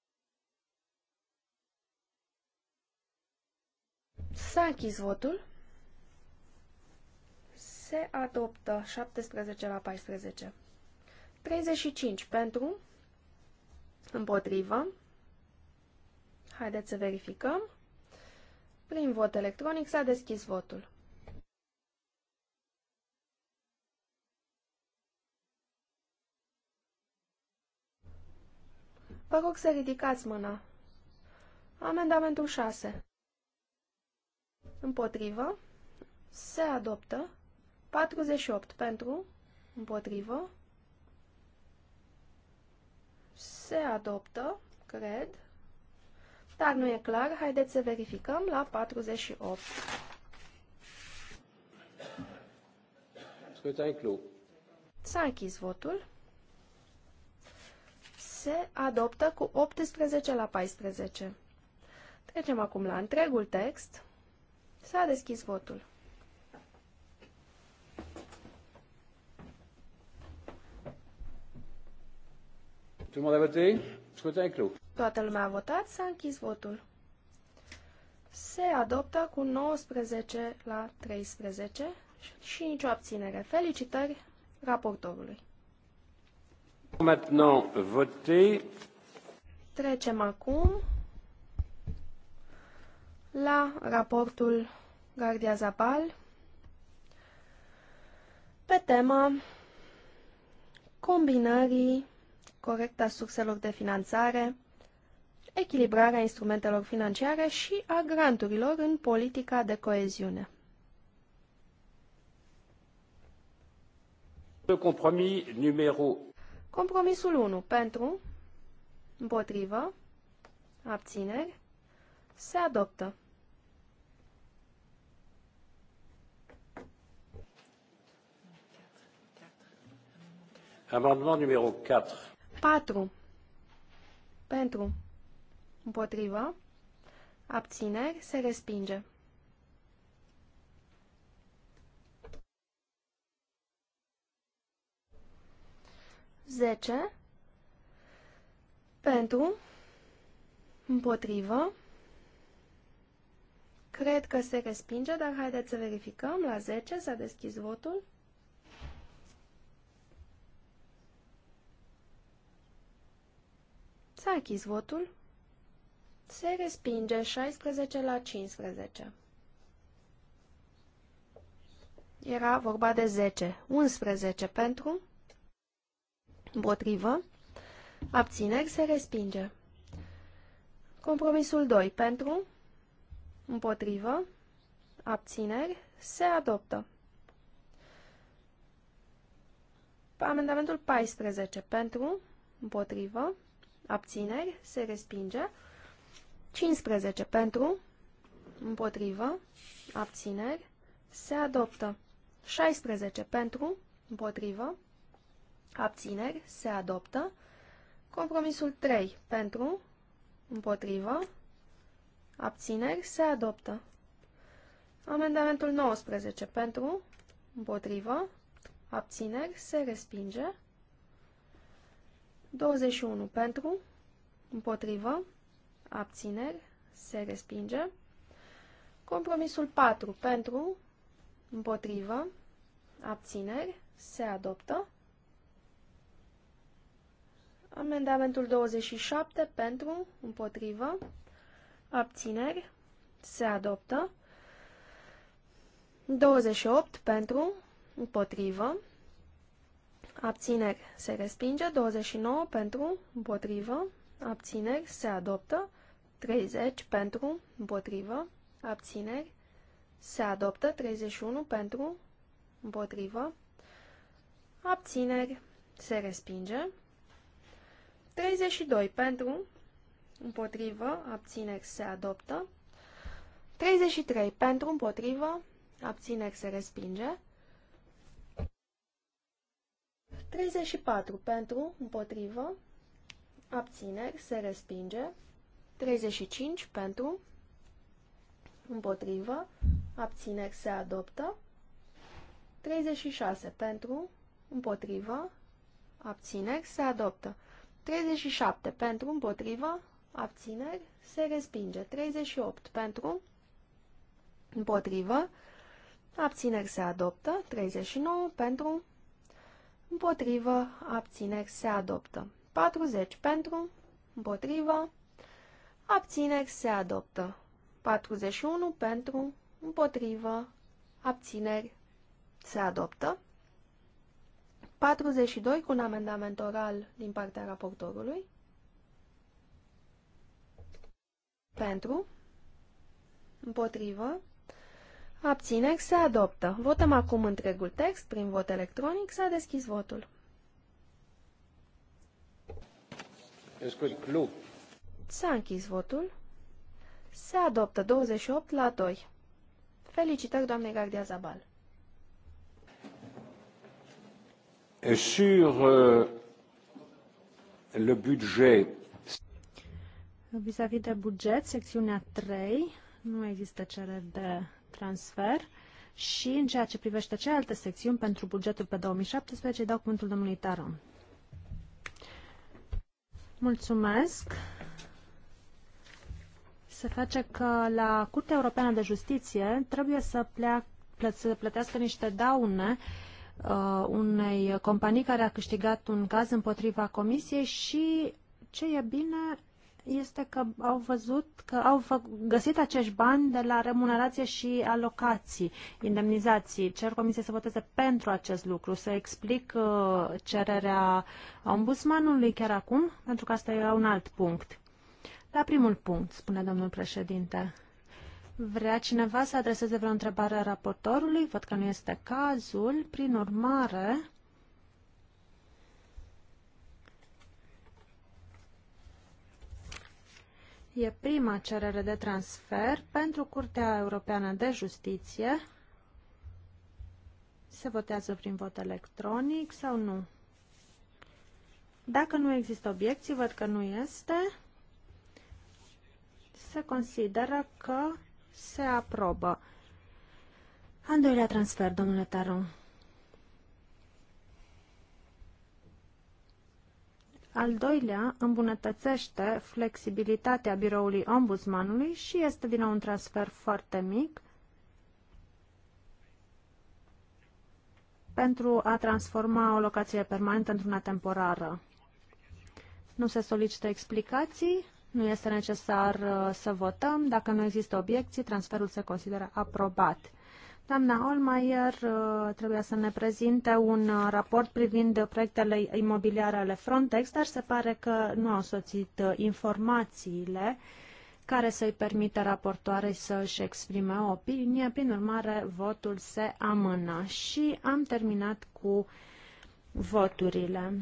S-a închis votul. Se adoptă 17 la 14. 35 pentru, împotrivă. Haideți să verificăm. Prin vot electronic s-a deschis votul. Vă rog să ridicați mâna. Amendamentul 6. Împotrivă. Se adoptă. 48 pentru, împotrivă, se adoptă, cred, dar nu e clar. Haideți să verificăm la 48. S-a închis votul. Se adoptă cu 18 la 14. Trecem acum la întregul text. S-a deschis votul. a Toată lumea a votat, s-a închis votul. Se adoptă cu 19 la 13 și nicio abținere. Felicitări raportorului. Trecem acum la raportul Gardia Zapal pe tema combinării corecta a surselor de finanțare, echilibrarea instrumentelor financiare și a granturilor în politica de coeziune. Compromis numero... Compromisul 1 pentru, împotrivă, abțineri, se adoptă. Amendement numero 4. 4. Pentru. Împotrivă. Abțineri. Se respinge. Zece. Pentru. Împotrivă. Cred că se respinge, dar haideți să verificăm. La 10 s-a deschis votul. S-a achis votul. Se respinge 16 la 15. Era vorba de 10. 11 pentru. Împotrivă. Abțineri se respinge. Compromisul 2 pentru. Împotrivă. Abțineri se adoptă. Amendamentul 14 pentru. Împotrivă abțineri, se respinge. 15 pentru, împotrivă, abțineri, se adoptă. 16 pentru, împotrivă, abțineri, se adoptă. Compromisul 3 pentru, împotrivă, abțineri, se adoptă. Amendamentul 19 pentru, împotrivă, abțineri, se respinge. 21 pentru, împotrivă, abțineri, se respinge. Compromisul 4 pentru, împotrivă, abțineri, se adoptă. Amendamentul 27 pentru, împotrivă, abțineri, se adoptă. 28 pentru, împotrivă, Abțineri se respinge. 29 pentru, împotrivă. Abțineri se adoptă. 30 pentru, împotrivă. Abțineri se adoptă. 31 pentru, împotrivă. Abțineri se respinge. 32 pentru, împotrivă, abțineri se adoptă. 33 pentru, împotrivă, abțineri se respinge. 34 pentru, împotrivă, abțineri, se respinge. 35 pentru, împotrivă, abțineri, se adoptă. 36 pentru, împotrivă, abțineri, se adoptă. 37 pentru, împotrivă, abțineri, se respinge. 38 pentru, împotrivă, abțineri, se adoptă. 39 pentru, împotrivă, abțineri se adoptă. 40 pentru, împotrivă, abțineri se adoptă. 41 pentru, împotrivă, abțineri se adoptă. 42 cu un amendament oral din partea raportorului. Pentru, împotrivă, Abțineri se adoptă. Votăm acum întregul text prin vot electronic. S-a deschis votul. S-a închis votul. Se adoptă 28 la 2. Felicitări, doamne Gardia Zabal. Sur euh, le budget. Vis-a-vis -vis de buget, secțiunea 3, nu există cereri de transfer. Și în ceea ce privește cealaltă secțiuni pentru bugetul pe 2017, îi dau cuvântul domnului Taron. Mulțumesc. Se face că la Curtea Europeană de Justiție trebuie să, plea, să plătească niște daune uh, unei companii care a câștigat un caz împotriva Comisiei și ce e bine este că au văzut că au găsit acești bani de la remunerație și alocații, indemnizații. Cer comisie să voteze pentru acest lucru, să explic uh, cererea ombudsmanului chiar acum, pentru că asta e un alt punct. La primul punct, spune domnul președinte. Vrea cineva să adreseze vreo întrebare raportorului? Văd că nu este cazul. Prin urmare, E prima cerere de transfer pentru Curtea Europeană de Justiție. Se votează prin vot electronic sau nu? Dacă nu există obiecții, văd că nu este, se consideră că se aprobă. Al doilea transfer, domnule Taru. Al doilea, îmbunătățește flexibilitatea biroului ombudsmanului și este din nou un transfer foarte mic pentru a transforma o locație permanentă într-una temporară. Nu se solicită explicații, nu este necesar uh, să votăm. Dacă nu există obiecții, transferul se consideră aprobat. Doamna Olmaier uh, trebuia să ne prezinte un uh, raport privind proiectele imobiliare ale Frontex, dar se pare că nu au soțit uh, informațiile care să-i permită raportoarei să-și exprime o opinie. Prin urmare, votul se amână și am terminat cu voturile.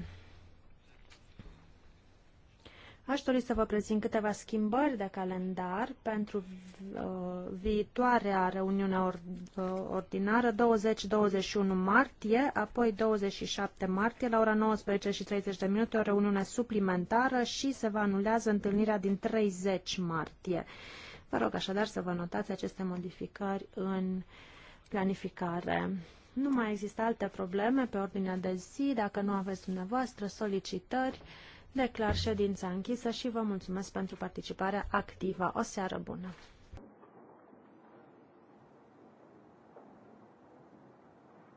Aș dori să vă prezint câteva schimbări de calendar pentru uh, viitoarea reuniune or, uh, ordinară 20-21 martie, apoi 27 martie la ora 19 și 30 de minute o reuniune suplimentară și se va anulează întâlnirea din 30 martie. Vă rog așadar să vă notați aceste modificări în planificare. Nu mai există alte probleme pe ordinea de zi. Dacă nu aveți dumneavoastră solicitări, Declar ședința închisă și vă mulțumesc pentru participarea activă. O seară bună!